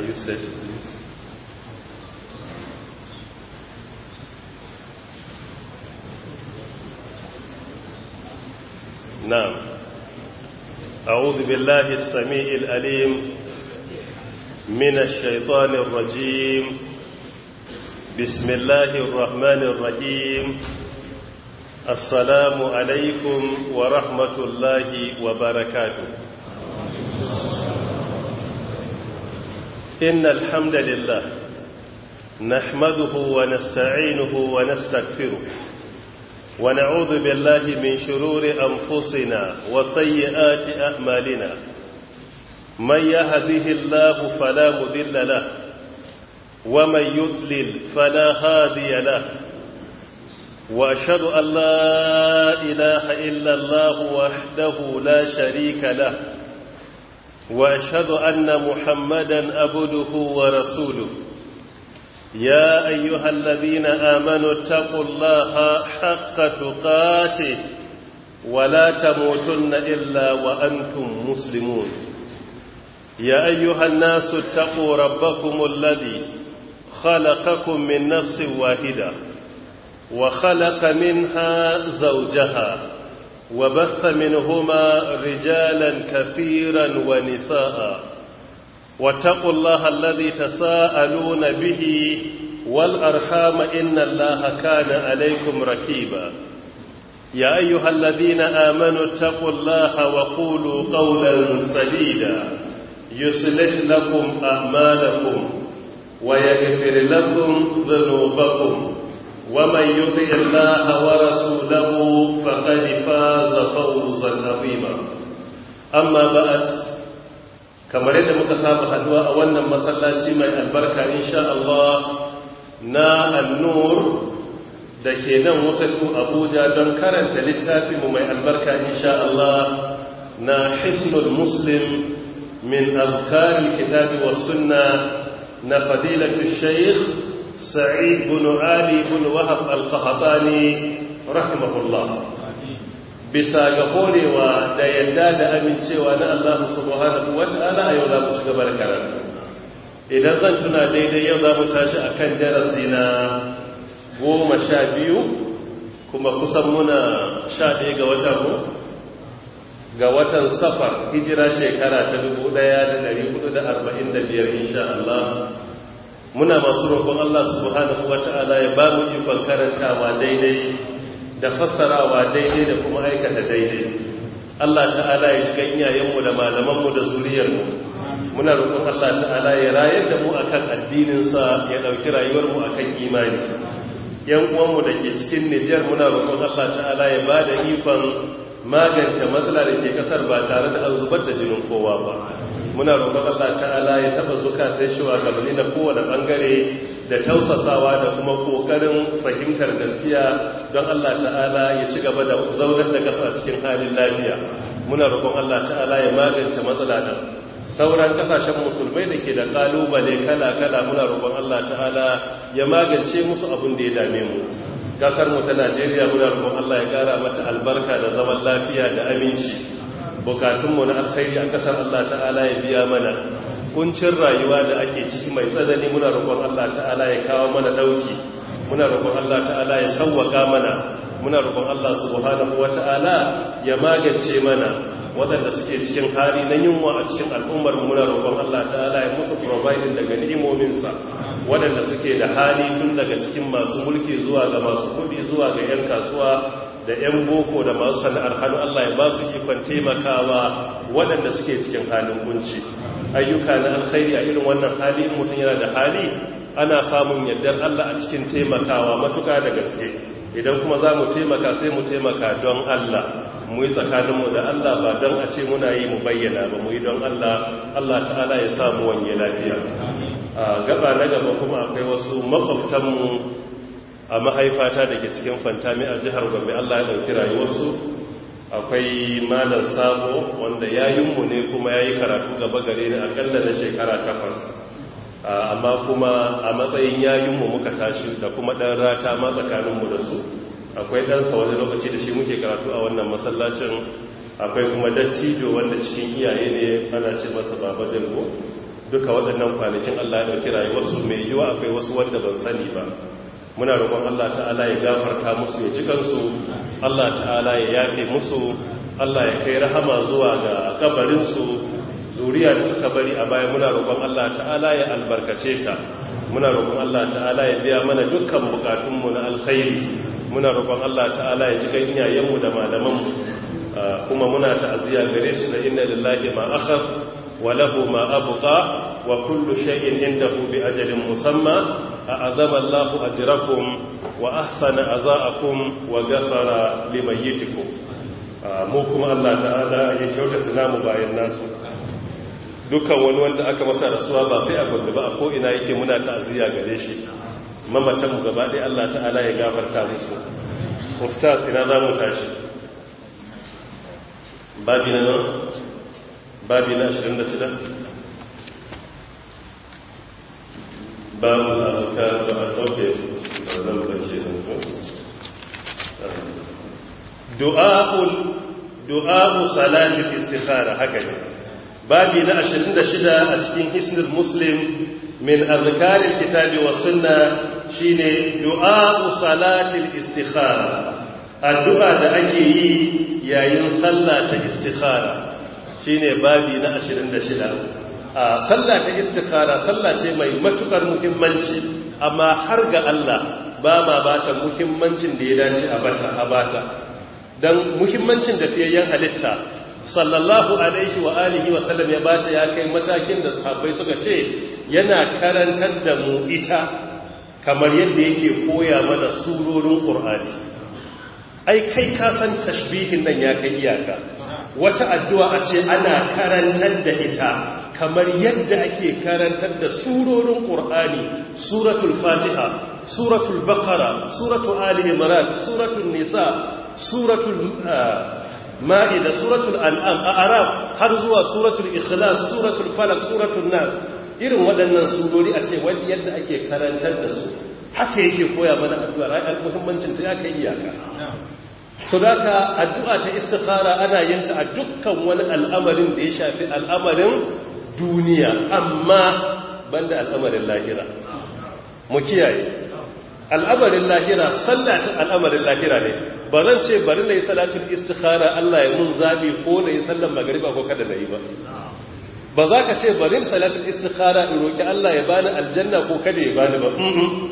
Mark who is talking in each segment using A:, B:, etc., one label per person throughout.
A: you said أعوذ بالله السميع الأليم من الشيطان الرجيم بسم الله الرحمن الرحيم السلام عليكم ورحمة الله وبركاته إن الحمد لله نحمده ونستعينه ونستغفره ونعوذ بالله من شرور أنفسنا وسيئات أعمالنا من يهده الله فلا مذل له ومن يذلل فلا هادي له وأشهد أن لا إله إلا الله وحده لا شريك له وأشهد أن محمدا أبده ورسوله يا أيها الذين آمنوا اتقوا الله حق تقاته ولا تموتن إلا وأنتم مسلمون يا أيها الناس اتقوا ربكم الذي خلقكم من نفس واحدة وخلق منها زوجها وبث منهما رجالا كثيرا ونساء واتقوا الله الذي تساءلون به والأرحام إن الله كان عليكم ركيبا يا أيها الذين آمنوا اتقوا الله وقولوا قولا سليدا يصلح لكم أعمالكم ويغفر لكم ذنوبكم ومن يطع الله ورسوله فقد فاز فوزا عظيما أما بعد kamar yadda muka saba haduwa a wannan masallaci mai albarka insha Allah na annur da ke nan wasu abuja don karanta littafinmu mai albarka insha Allah na hisnul muslim min azkarin kitabi wa sunna na fadilatu shaykh sa'id bin ali bin wahab al-qahtani rahimahullah bisa ga horewa da yadda da amincewa na Allah subhanahu wata'ala a yau za mu da barkaran idan zan tuna daidai yau za mu tashi kan darasi na goma sha biyu kuma kusan muna sha ɗaya ga watan mu ga watan safar hijira shekara ta 1445 insha Allah muna masu roƙon Allah subhanahu ta'ala ya ba mu ikon karantawa daidai da fassarawa daidai da kuma aikata daidai Allah ta'ala ya ganyayenmu da malamanmu da zuriyarmu muna roƙon Allah ta'ala ya rayar da mu akan addinin sa ya ɗauki rayuwarmu akan imani yan uwanmu da ke cikin Nijar muna roƙon Allah ta'ala ya ba da ikon magance matsalar da ke ƙasar ba tare da an zubar da jinin kowa ba muna roƙon Allah ta'ala ya taba wa shugabanni na kowane bangare da tausasawa da kuma kokarin fahimtar gaskiya don Allah ta'ala ya ci gaba da zaunar da kasa cikin halin lafiya muna roƙon Allah ta'ala ya magance matsala da sauran kasashen musulmai da ke da ƙalubale kala-kala muna roƙon Allah ta'ala ya magance musu abin da ya dame mu kasar mu ta Najeriya muna roƙon Allah ya ƙara mata albarka da zaman lafiya da aminci bukatunmu na alkhairi an kasar Allah ta'ala ya biya mana kuncin rayuwa da ake ciki mai tsanani muna roƙon Allah ta'ala ya kawo mana dauki muna roƙon Allah ta'ala ya sauwaka mana muna roƙon Allah subhanahu wata'ala ya magance mana waɗanda suke cikin hali na yunwa a cikin al'ummar muna roƙon Allah ta'ala ya musu providing daga ni'imominsa waɗanda suke da hali tun daga cikin masu mulki zuwa ga masu kuɗi zuwa ga 'yan kasuwa da 'yan boko da masu sana'ar hannu Allah ya ba su ikon taimakawa waɗanda suke cikin halin kunci ayyuka na alkhairi a irin wannan hali in mutum yana da hali ana samun yardar Allah a cikin taimakawa matuƙa da gaske idan kuma za mu taimaka sai mu taimaka don Allah mu yi tsakaninmu da Allah ba don a ce muna yi mu bayyana ba mu yi don Allah Allah ta'ala ya samu wanye lafiya a gaba na gaba kuma akwai wasu makwabtanmu a mahaifata da ke cikin fantami a jihar gombe allah ya ɗauki rayuwarsu akwai malar sabo wanda ya yi ne kuma ya yi karatu gaba gare ni akalla na shekara takwas amma kuma a matsayin ya mu muka tashi da kuma ɗan rata ma tsakaninmu da su akwai ɗansa wani lokaci da shi muke karatu a wannan masallacin akwai kuma dattijo wanda cikin iyaye ne ana ce masa baba jalgo duka waɗannan kwanakin allah ya ɗauki rayuwarsu mai yiwa akwai wasu wanda ban sani ba muna roƙon Allah ta'ala ya gafarta musu ya cikansu Allah ta'ala ya yafe musu Allah ya kai rahama zuwa ga kabarinsu zuriya da suka bari a baya muna roƙon Allah ta'ala ya albarkace ta muna roƙon Allah ta'ala ya biya mana dukkan bukatunmu na alkhairi muna roƙon Allah ta'ala ya jikan iyayenmu da malamanmu ah, kuma muna ta'aziyya gare da inna lillahi ma akhaf wa lahu ma abqa wa kullu shay'in indahu bi ajalin musamma أعذب الله أجركم وأحسن أزاءكم وغفر لميتكم موكم الله تعالى يكيوك السلام بأي الناس dukkan wani wanda aka masa rasuwa ba sai a gudu a ko'ina yake muna ta'aziyya gare shi mamatan mu gaba ɗaya Allah ta'ala ya gafarta musu ustaz ina za mu tashi babi na babu azkar da an dauke su da lokaci ne ko du'a'ul du'a'u salati istikhara haka ne babi na 26 a cikin hisnul muslim min azkar alkitab wa sunna shine du'a'u salati istikhara addu'a da ake yi yayin sallah ta istikhara shine babi na 26 sallah ta istikhara sallah ce mai matukar muhimmanci amma har ga Allah ba ma bata muhimmancin da ya dace a bata a bata dan muhimmancin da yan halitta sallallahu alaihi wa alihi wa sallam ya bata ya kai matakin da sahabbai suka ce yana karantar da mu ita kamar yadda yake koya mana surorin qur'ani ai kai ka san tashbihin nan ya kai iyaka wata addu'a a ce ana karantar da ita kamar yadda ake karantar da surorin ƙur'ani suratul fatiha suratul bakara suratul ali imran suratul nisa suratul eh, ma'ida suratul al'am a arab har zuwa suratul ikhlas suratul falak suratul nas irin waɗannan surori a ce wanda yadda ake karantar da su haka yake koya mana addu'a ra'ayi muhimmancin ta yake iyaka so daga addu'a ta istikhara ana yin ta a dukkan wani al'amarin da ya shafi al'amarin duniya amma banda al'amarin lahira mu kiyaye al'amarin lahira sallatin al'amarin lahira ne ba zan ce bari na yi salatin istikhara Allah ya mun zaɓi ko na yi sallan magariba ko kada na yi ba ba za ka ce bari salatin istikhara in roki Allah ya bani aljanna ko kada ya bani ba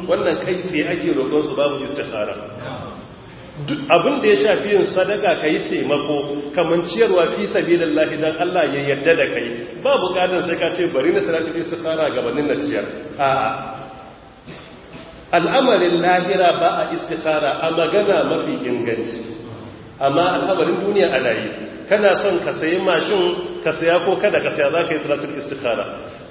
A: wannan kai sai ake roƙonsu su babu istikhara abin da ya shafi yin sadaka ka yi taimako kamar ciyarwa fi da lafi don Allah ya yarda da kai ba bukatar sai ka ce bari na salatu fi su fara gabanin na ciyar a'a al'amarin lahira ba a istikhara a magana mafi inganci amma al'amarin duniya ana yi kana son ka sayi mashin ka saya ko kada ka saya za yi salatul istikhara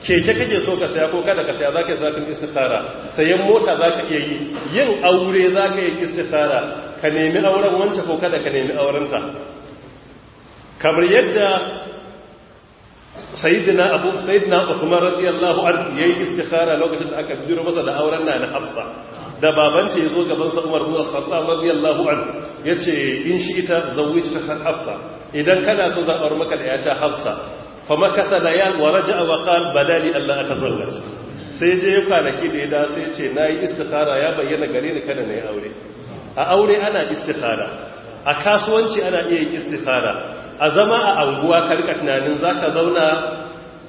A: keke kake so ka saya ko kada ka saya za yi salatul istikhara sayan mota za ka iya yi yin aure za yi istikhara ka nemi auren wance ko kada ka nemi aurenta kamar yadda sayyidina abu sayyidina usman radiyallahu anhu yayi istikhara lokacin da aka jiro masa da auren na na hafsa da babanta yazo gaban sa umar bin khattab radiyallahu anhu yace in shi ita zawwijta hafsa idan kana so zaɓar maka da yata hafsa fa maka salayan wa raja wa qal badali allah zanga. sai je ya kwanaki da ya da sai ce yi istikhara ya bayyana gare ni kada na yi aure a aure ana istikhara a kasuwanci ana iya yin istikhara a zama a anguwa karka tunanin zaka zauna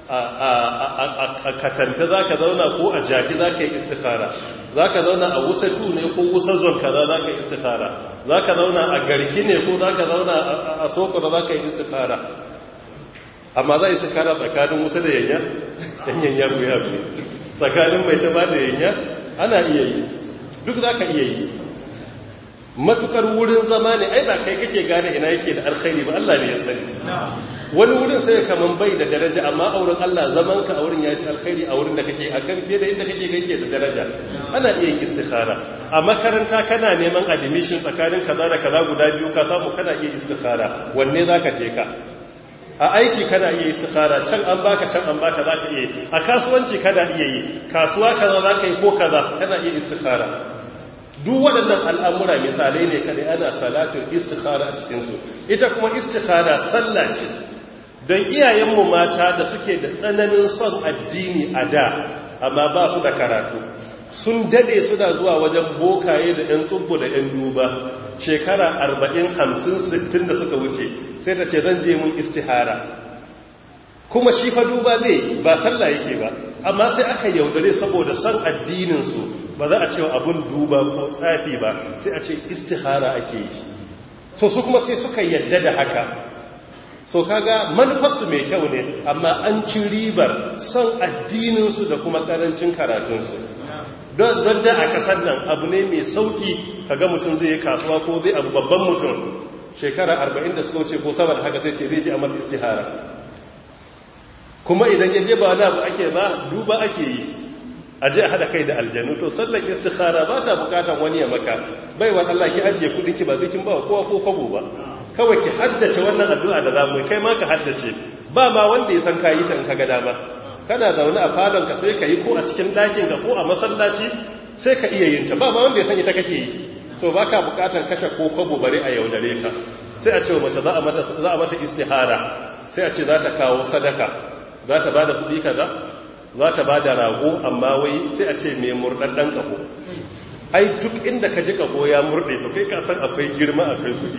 A: a katanta za ka zauna ko a jaki za ka yi istikhara za ka zauna a wusa ne ko wusa kaza za ka yi istikhara za ka zauna a garki ne ko za ka zauna a sokuna za ka yi istikhara amma za a yi istikhara tsakanin wusa da yanya ɗan yanya guya biyu tsakanin mai taba da yanya ana iya yi duk za ka iya yi matukar wurin zama ne ai ba kai kake gane ina yake da alkhairi ba Allah ne ya sani wani wurin sai kaman bai da daraja amma a wurin Allah zaman ka a wurin yafi alkhairi a wurin da kake a kan fiye da inda kake kake da daraja ana iya yin istikhara a makaranta kana neman admission tsakanin kaza da kaza guda biyu ka samu kana iya istikhara wanne zaka je ka a aiki kana iya istikhara can an baka can an baka zaka iya a kasuwanci kana iya yi kasuwa kaza zaka yi ko kaza kana iya istikhara duk waɗannan al'amura misalai ne kaɗai ana salatun istikhara a cikinsu ita kuma istikhara sallah ce don iyayenmu mata da suke da tsananin son addini a da amma ba su da karatu sun daɗe suna zuwa wajen bokaye da ‘yan tsubbu da ‘yan duba shekara 40-50-60 da suka wuce sai ta ce zan je mun istihara kuma shi fa duba zai ba sallah yake ba amma sai aka yaudare saboda son addininsu ba za a ce abun duba ko tsafi ba sai a ce istihara ake yi so su kuma sai suka yadda da haka so kaga manufarsu mai kyau ne amma an ci ribar son addininsu da kuma karancin karatunsu don da a kasar nan abu ne mai sauki ga mutum zai yi kasuwa ko zai abu babban mutum shekara arba'in da suka wuce ko saboda haka zai ce zai ji amal istihara kuma idan ya je ba wani ake ba duba ake yi a je a hada kai da aljanu to sallar istikhara ba ta bukatan wani ya maka bai wa Allah ki ajiye kudin ki ba kin ba kowa ko fago ba kawai ki haddace wannan addu'a da zamu kai ma ka haddace ba ma wanda ya san kayi tan kaga dama kana zaune a falon ka sai ka ko a cikin dakin ka ko a masallaci sai ka iya yin ta ba ma wanda ya san ita kake yi to baka bukatar kashe ko fago bare a yaudare ka sai a ce mace za a mata za a mata istihara sai a ce za ta kawo sadaka za ta bada kudi kaza za ta ba da rago amma wai sai a ce mai murɗaɗɗen ƙaho ai duk inda ka ji ƙaho ya murɗe to kai ka san akwai girma akwai kuɗi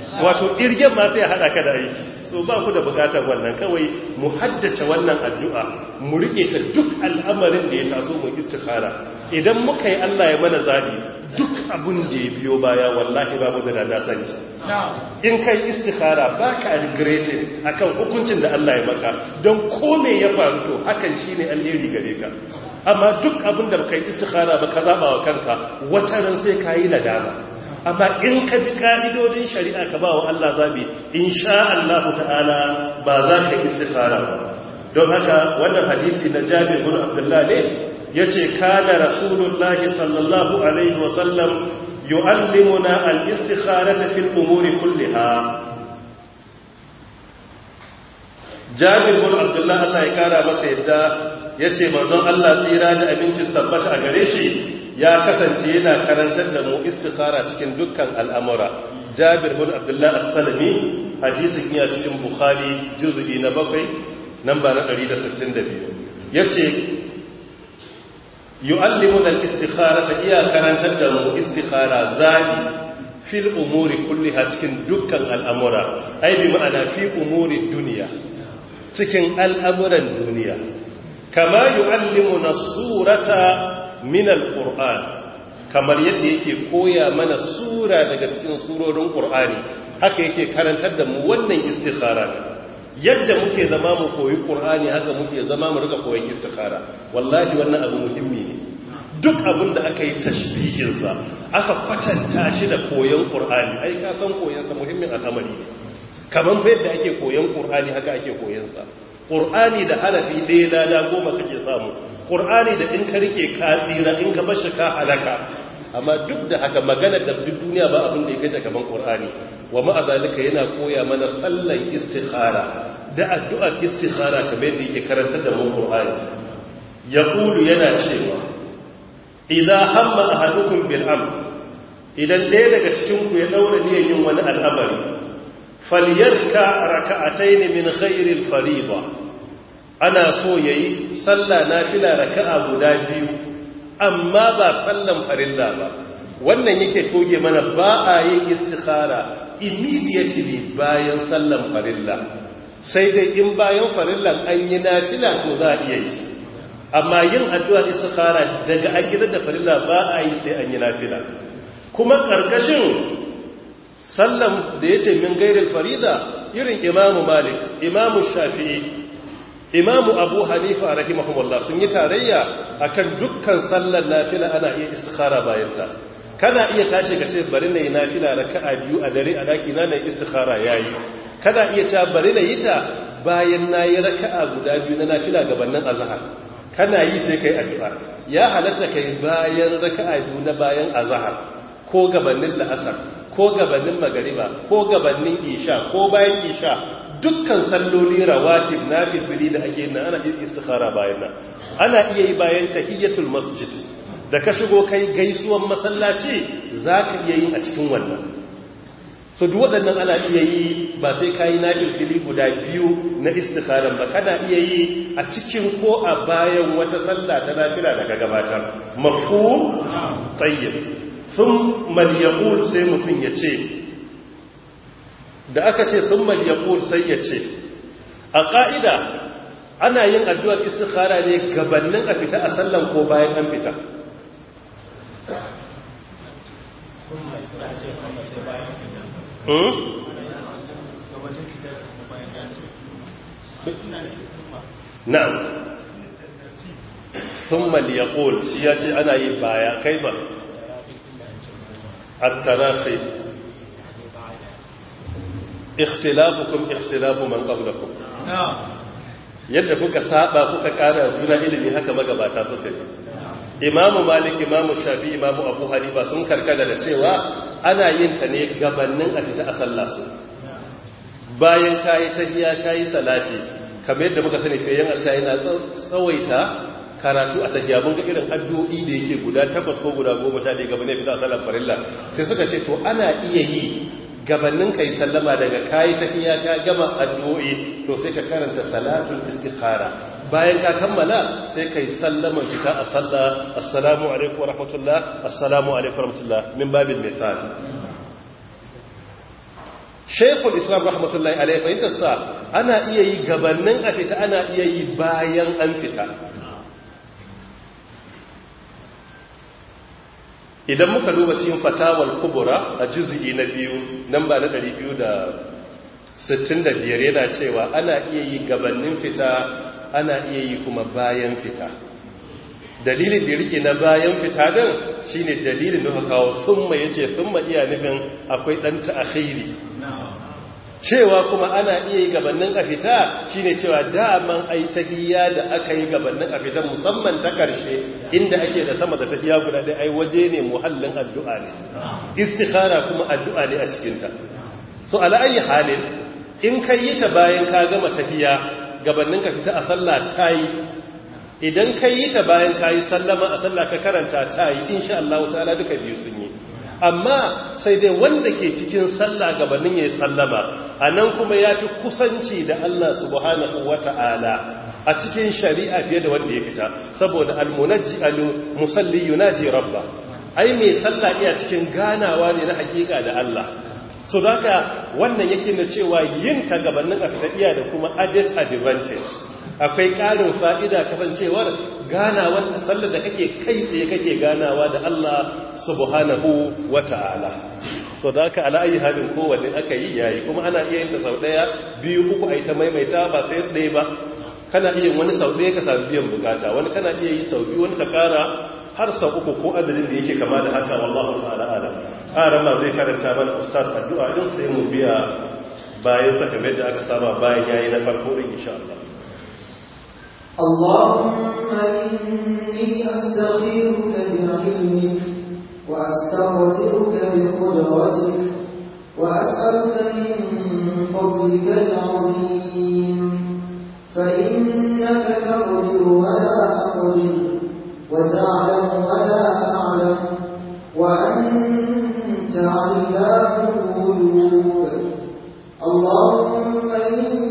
A: wato irgen ma sai haɗa ka da aiki so ba ku da bukatar wannan kawai mu haddace wannan addu'a mu rike ta duk al'amarin da ya taso mu istikhara idan muka yi Allah ya mana zabi duk abun da ya biyo baya wallahi babu da da sani in kai istikhara ba ka regretting akan hukuncin da Allah ya maka don ko me ya faru to hakan shine alheri gare ka amma duk abin da baka yi istikhara ba ka zaba wa kanka wata ran sai ka yi nadama amma in ka bi ka'idodin shari'a ka ba wa Allah zabi insha Allah ta'ala ba za ka istikhara ba don haka wannan hadisi na Jabir bin Abdullah ne yace kana rasulullahi sallallahu alaihi wa sallam yu'allimuna al fi fil umuri kulliha jabir bin abdullah Allah ya kara masa yadda ya ce manzon Allah tsira da abincin sabbata a gare shi ya kasance yana karantar da mu istikhara cikin dukkan al'amura jabir bin abdullah as-salami hadisin ya cikin bukhari juz'i na bakwai namba na 162 yace yu'allimuna al-istikhara ta iya karantar da mu istikhara zabi fil umuri kulliha cikin dukkan al'amura ai bi ma'ana fi umuri duniya cikin al'amuran duniya kama yu'allimuna surata Minal Kur'an kamar yadda yake koya mana sura daga cikin surorin ƙur'ani haka yake karantar da mu wannan istikhara yadda muke zama mu koyi ƙur'ani haka muke zama mu rika koyon istikhara wallahi wannan abu muhimmi ne duk abin da aka yi aka kwatanta shi da koyon ƙur'ani ai ka san koyon sa muhimmin al'amari ne Kamar yadda ake koyon Kur'ani haka ake koyon sa da harafi ɗaya lada goma kake samu ƙur'ani da in ka rike ka tsira in ka bashi ka halaka amma duk da haka magana da duk duniya ba abin da ya kai gaban ƙur'ani wa ma'azalika yana koya mana sallan istikhara da addu'ar istikhara kamar yadda yake karantar da mu ƙur'ani yaqulu yana cewa idza hamma ahadukum bil amr idan ɗaya daga cikin ku ya daura niyyar yin wani al'amari falyarka raka'atayn min ghayril fariḍah ana so ya yi sallah na fila raka'a guda biyu amma ba sallan farilla ba wannan yake toge mana ba a yi istikhara immediately bayan sallan farilla sai dai in bayan farilla an yi nafila to za a iya yi amma yin addu'a istikhara daga an gida da farilla ba a yi sai an yi nafila kuma ƙarƙashin sallan da yace min gairil farida irin imamu malik imamu shafi'i imamu abu hanifa rahimahumullah sun yi tarayya akan dukkan sallar nafila ana iya istikhara bayanta kana iya tashi ka ce bari na yi nafila raka'a biyu a dare a daki na mai istikhara yayi kana iya ta bari na yi ta bayan na yi raka'a guda biyu na nafila gabanin azhar kana yi sai kai addu'a ya halatta kai bayan raka'a biyu na bayan azhar ko gabanin la'asar ko gabanin magariba ko gabanin isha ko bayan isha dukkan salloli rawatib na fifili da ake na ana yin istikhara bayan nan ana iya yi bayan tahiyatul masjid da ka shigo kai gaisuwan masallaci zaka iya yin a cikin wannan so duk waɗannan ana iya yi ba sai kayi na fifili guda biyu na istikhara ba kana iya yi a cikin ko a bayan wata sallah ta nafila daga gabatar mafhum tayyib sun mal yaqul sai mutum ya ce da aka ce sun maliyakul sai ya ce a ƙa'ida ana yin addu'ar istikhara ne gabannin a fita a sallan ko bayan an fita hmm? na'am sun maliyakul shi ya ce ana yi baya kai ba a sai ikhtilafukum ikhtilafu man qablakum yadda kuka saba kuka kara juna ilimi haka magabata suka yi imamu malik imamu shafi imamu abu hanifa sun karkada da cewa ana yin ta ne gabanin a fita a sallah su bayan kayi tahiya kayi salati kamar yadda muka sani fiye yan alka yana tsawaita karatu a tahiya mun ga irin addu'o'i da yake guda takwas ko guda goma sha ne gabanin fita a sallah farilla sai suka ce to ana iya yi gabanin kai sallama daga kayi tafiya ka gama addu'o'i to sai ka karanta salatul istikhara bayan ka kammala sai kai sallama fita a sallah assalamu alaikum wa rahmatullah assalamu alaikum wa rahmatullah min babin misal shaykhul islam rahmatullahi alaihi sa ana iya yi gabanin a fita ana iya yi bayan an fita idan muka duba cikin fatawar kubura a juzu'i na biyu nan ba na 265 yana cewa ana iya yi gabanin fita ana iya yi kuma bayan fita dalilin da rike na bayan fita din shine dalilin da kawo summa yace summa iya nufin akwai dan ta'khiri cewa kuma ana iya yi gabanin a fita shine cewa daman ai da aka yi gabanin a fita musamman ta karshe inda ake da sama da tafiya guda ɗaya, ai waje ne muhallin addu'a ne istikhara kuma addu'a ne a cikinta. so ala'ayi halin in kai yi ta bayan ka gama tafiya, gabanin ka fita a sallah tayi idan kai yi ta bayan ka yi sallama a sallah ka karanta tayi sha Allah ta'ala duka biyu sun yi amma sai dai wanda ke cikin sallah gabanin ya yi sallama a nan kuma ya fi kusanci da Allah subhanahu wa ta'ala a cikin shari'a fiye da wanda ya fita saboda almunajji alu musalli yunaji rabba ai mai sallah iya cikin ganawa ne na hakika da Allah so daga wannan yake na cewa yin ta gabanin a fita iya da kuma adet advantage akwai ƙarin fa'ida kasancewar ganawar sallar da kake kai tsaye kake ganawa da Allah subhanahu wa ta'ala so da aka ala'ayi haɗin kowanne aka yi yayi kuma ana iya yin ta sau ɗaya biyu uku a yi ta maimaita ba sai ɗaya ba kana iya wani sau ɗaya ka sami biyan bukata wani kana iya yi sau biyu wani ka ƙara har sau uku ko adadin da yake kama da haka wallahu ta'ala arama zai karanta mana ustaz addu'a din sai mu biya bayan saka da aka saba bayan yayi na farko din insha
B: اللهم إني أستخيرك بعلمك وأستغفرك بقدرتك وأسألك من فضلك العظيم فإنك تقدر ولا أقدر وتعلم ولا أعلم وأنت علام الغيوب اللهم إني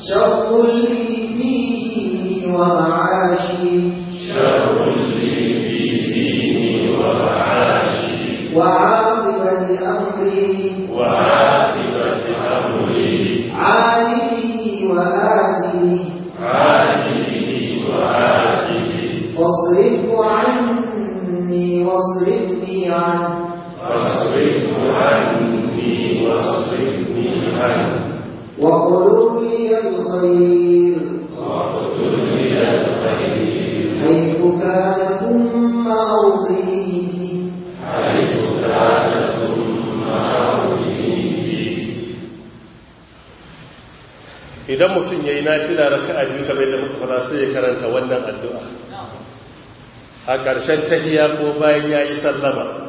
B: شر فيه ومعاشي
A: a ƙarshen iya ko bayan ya yi sallama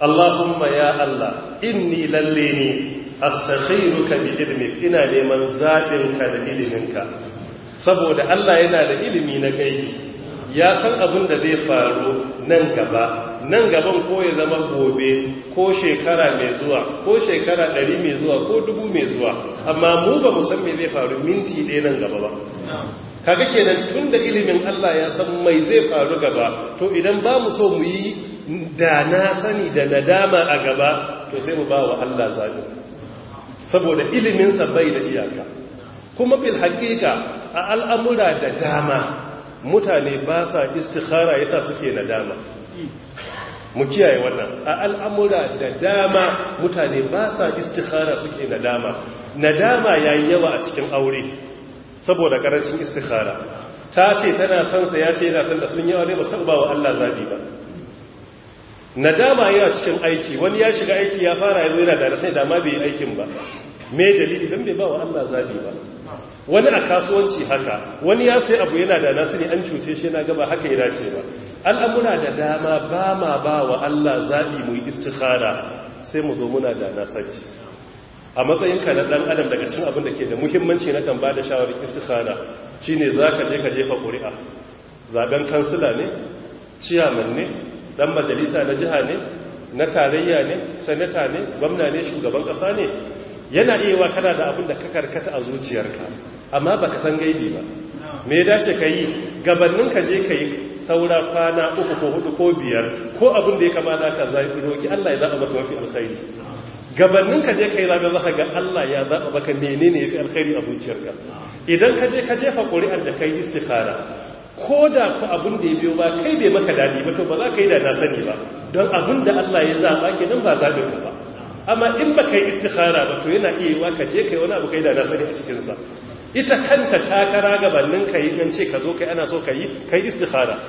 A: Allahumma ya Allah inni lalle ne ka bi ilmi ina neman ka da iliminka saboda Allah yana da ilimi na kai ya san abin da zai faru nan gaba nan gaban ko ya zama gobe ko shekara mai zuwa ko shekara ɗari mai zuwa ko dubu mai zuwa amma mu ba mu san me zai faru minti ɗaya nan gaba ba kaga kenan tun da ilimin Allah ya san mai zai faru gaba to idan ba mu so mu yi da na sani da nadama a gaba to sai mu ba wa Allah zaɓi saboda iliminsa bai da iyaka kuma bil hakika, a al'amura da dama mutane ba sa istikhara yasa suke nadama mu kiyaye wannan a al'amura da dama mutane ba sa istikhara suke nadama nadama yayi yawa a cikin aure saboda karancin istikhara ta ce tana son sa ya ce yana son da sun yi aure ba su ba wa Allah zabi ba nadama yana cikin aiki wani ya shiga aiki ya fara yanzu yana da sai da ma bai aikin ba me dalili dan bai ba wa Allah zabi ba wani a kasuwanci haka wani ya sai abu yana da nasu ne an cuce shi yana gaba haka yana cewa ba al'amura da dama ba ma ba wa Allah zabi mu istikhara sai mu zo muna da nasarci a matsayin ka na dan adam daga cikin abin da ke da muhimmanci na tamba da shawarar istikhara shine zaka je ka jefa ƙuri'a zaben kansila ne ciyaman ne dan majalisa na jiha ne na tarayya ne sanata ne gwamna ne shugaban ƙasa ne yana iya wa kana da abin da ka karkata a zuciyarka amma baka san gaibi ba me ya dace ka yi gabanin ka je ka yi saura kwana uku ko hudu ko biyar ko abin da ya kamata ka zai roki Allah ya zaba maka mafi alkhairi gabanin ka je kai zaga zaka ga Allah ya zaba maka menene ya fi alkhairi a zuciyarka idan ka je ka jefa ƙuri'ar da kai istikhara ko da ku abin da ya biyo ba kai bai maka dadi ba to ba za ka yi da na sani ba don abun da Allah ya zaba kenan ba zaɓin ka ba amma in ba ka yi istikhara ba to yana iya yiwa ka je kai wani abu kai da na sani a cikin sa ita kanta takara gabanin ka yi in ce ka zo kai ana so ka yi kai istikhara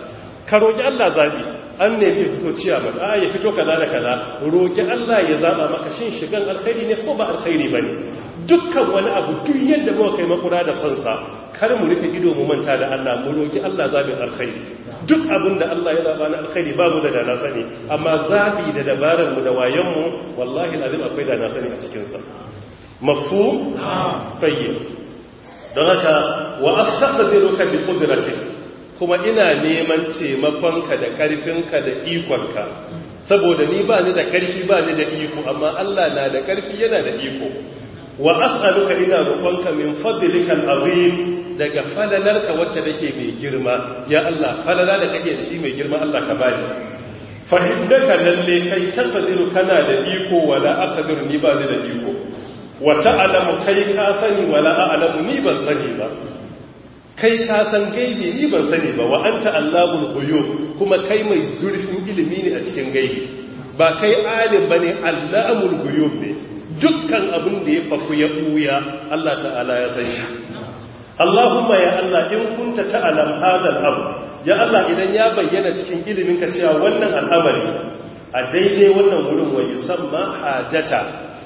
A: ka roki Allah zabi an ne zai fito ciya ba a ya fito kaza da kaza roƙi Allah ya zaba maka shin shigan alkhairi ne ko ba alkhairi bane dukkan wani abu duk yadda muka kai makura da sansa kar mu rufe ido mu manta da Allah mu roƙi Allah zabin alkhairi duk abin da Allah ya zaba na alkhairi babu da dana sani amma zabi da dabararmu mu da wayan mu wallahi alazim akwai dana sani a cikin sa mafhum tayyib don haka wa astaghfiruka bi qudratik kuma ina neman taimakonka da karfinka da ikonka saboda ni ba ni da karfi ba ni da iko amma Allah na da karfi yana da iko wa as'aluka ina roƙonka min fadlikal azim daga falalarka wacce take mai girma ya Allah falala da kake da shi mai girma Allah ka bani fa indaka lalle kai tasdiru kana da iko wala aqdir ni ba ni da iko wa ta'lamu kai ka sani wala a'lamu ni ban sani ba kai ka san gaibi ni ban sani ba wa anta allahul ghuyub kuma kai mai zurfin ilimi ne a cikin gaibi ba kai alim bane allahul ghuyub ne dukkan abin da ya faku ya buya Allah ta'ala ya san shi Allahumma ya Allah in
C: kunta ta'lam
A: hadha al ya Allah idan ya bayyana cikin ilimin ka cewa wannan al'amari a daidai wannan wurin wa yusamma hajata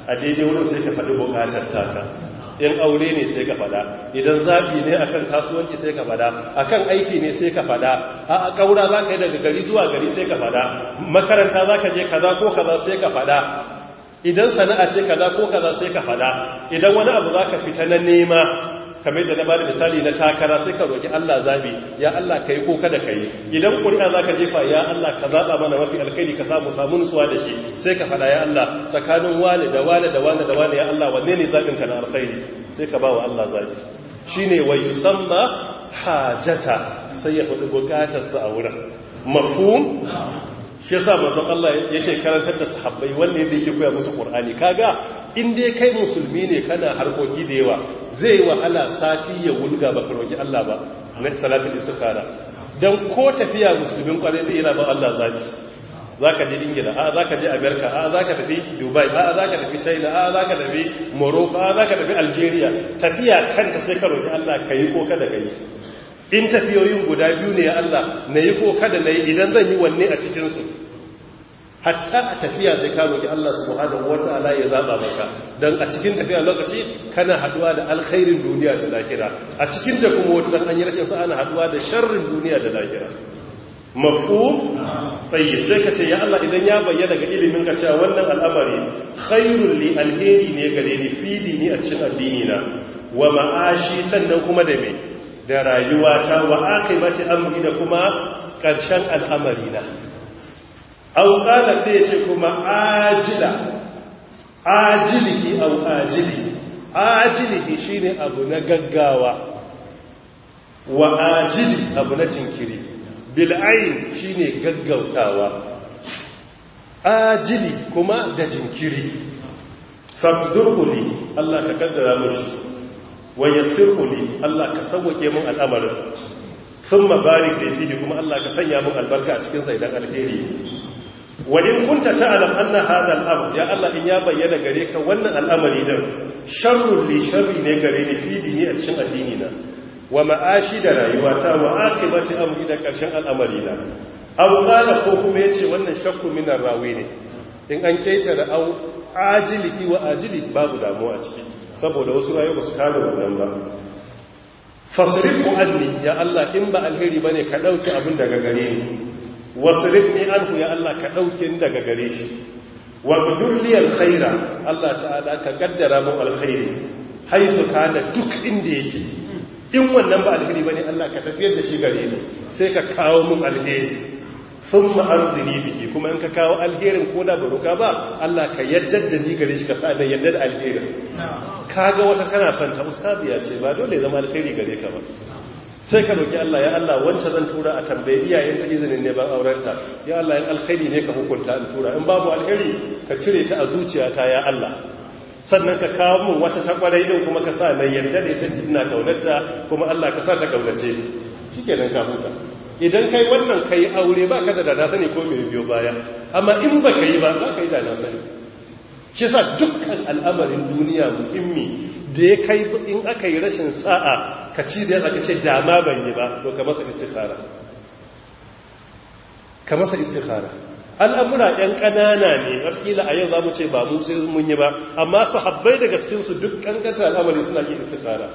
A: a daidai wurin sai ka faɗi bukatar taka in aure ne sai ka fada idan zafi ne akan kasuwanci sai ka fada akan aiki ne sai ka fada a ƙaura za ka yi daga gari zuwa gari sai ka fada makaranta za ka je kaza ko kaza sai ka fada idan sana'a ce kaza ko kaza sai ka fada idan wani abu za ka fita na nema kamar da na da misali na takara sai ka roki Allah zabi ya Allah kai ko kada kai idan ƙuri'a zaka jefa ya Allah ka zaɓa mana mafi alkhairi ka samu samu nutsuwa da shi sai ka fada ya Allah tsakanin wani da wani da wani da wani ya Allah wanne ne zabin ka na alkhairi sai ka ba wa Allah zabi shine wa yusamma hajata sai ya faɗi bukatarsa a wurin mafhum shi sa mazan Allah yake karantar da sahabbai wanne da yake koya musu Qur'ani kaga inda ya kai musulmi ne kana harkoki da yawa zai wahala sati ya wulga baka roki Allah ba na isa istikhara dan ko tafiya musulmin kwarai zai yana ba Allah zaki zaka je Ingila a zaka je amerika a zaka tafi Dubai a zaka tafi China a zaka tafi Morocco a zaka tafi Algeria tafiya kanta sai ka roki Allah yi ko kada ka yi. in tafiyoyin guda biyu ne ya Allah na yi ko kada na yi idan zan yi wanne a cikinsu hatta a tafiya zai ka ki Allah subhanahu wata'ala ya zaba maka dan a cikin tafiya lokaci kana haduwa da alkhairin duniya da lahira a cikin da kuma wata an yi rashin sa ana haduwa da sharrin duniya da lahira mafhum tayyib sai ka ce ya Allah idan ya bayyana ga ilimin ka cewa wannan al'amari khairul li alheri ne gare ni fili ne a cikin addini na wa ma'ashi sannan kuma da me da rayuwa ta wa akhirati amri da kuma karshen al'amari na au qala sai ce kuma ajila ajilihi au ajili shi ne abu na gaggawa wa ajili abu na jinkiri bil'ayin shi ne gaggautawa ajili kuma da jinkiri faqdurhu Allah ka kaddara mushi wa yassirhu Allah ka sauke mun al'amarin thumma barik li kuma Allah ka sanya mun albarka a cikin sa idan alheri wadin kunta ta'lam anna hadha al-amr ya Allah in ya bayyana gare ka wannan al'amari din sharrun li sharri ne gare ni fi dini a cikin addini na wa ma'ashi da rayuwata wa akibati amri da karshen al'amari na aw qala ko kuma yace wannan shakku min rawi ne in an keta da au ki wa ajili babu damuwa a ciki saboda wasu rayu ba su kare wannan ba fasrifu anni ya Allah in ba alheri bane ka ɗauki abin daga gare ni wasrifni anhu ya Allah ka dauke daga gare shi wa qudurli khaira Allah ta'ala ka gaddara mu alkhairi haisu da duk inda yake in wannan ba alheri bane Allah ka tafiyar da shi gare ni sai ka kawo mu alheri thumma arzini biki kuma in ka kawo alherin ko da baruka ba Allah ka yaddar da ni gare shi ka sa da yaddar alherin kaga wata kana son ta usabiya ce ba dole zama alheri gare ka ba sai ka roki Allah ya Allah wacce zan tura a tambayi iyayen ta izinin ne ban aurenta ya Allah in alkhairi ne ka hukunta in tura in babu alheri ka cire ta a zuciyata ya Allah sannan ka kawo mun wata ta din kuma ka sa mai yarda da ita ina kaunarta kuma Allah ka sa ta kaunace ni shikenan ka huta idan kai wannan kai aure ba ka da na sani ko mai biyo baya amma in ba ka yi ba za ka yi da na sani shi sa dukkan al'amarin duniya muhimmi da ya kai in aka yi rashin sa'a ka ci da aka ce dama ban yi ba to ka masa istihara ka masa istihara al'amura ‘yan ƙanana ne ƙarfila a yau za mu ce ba mu sai mun yi ba amma su haɓai daga cikinsu duk ƙanƙantar al'amari suna yi istihara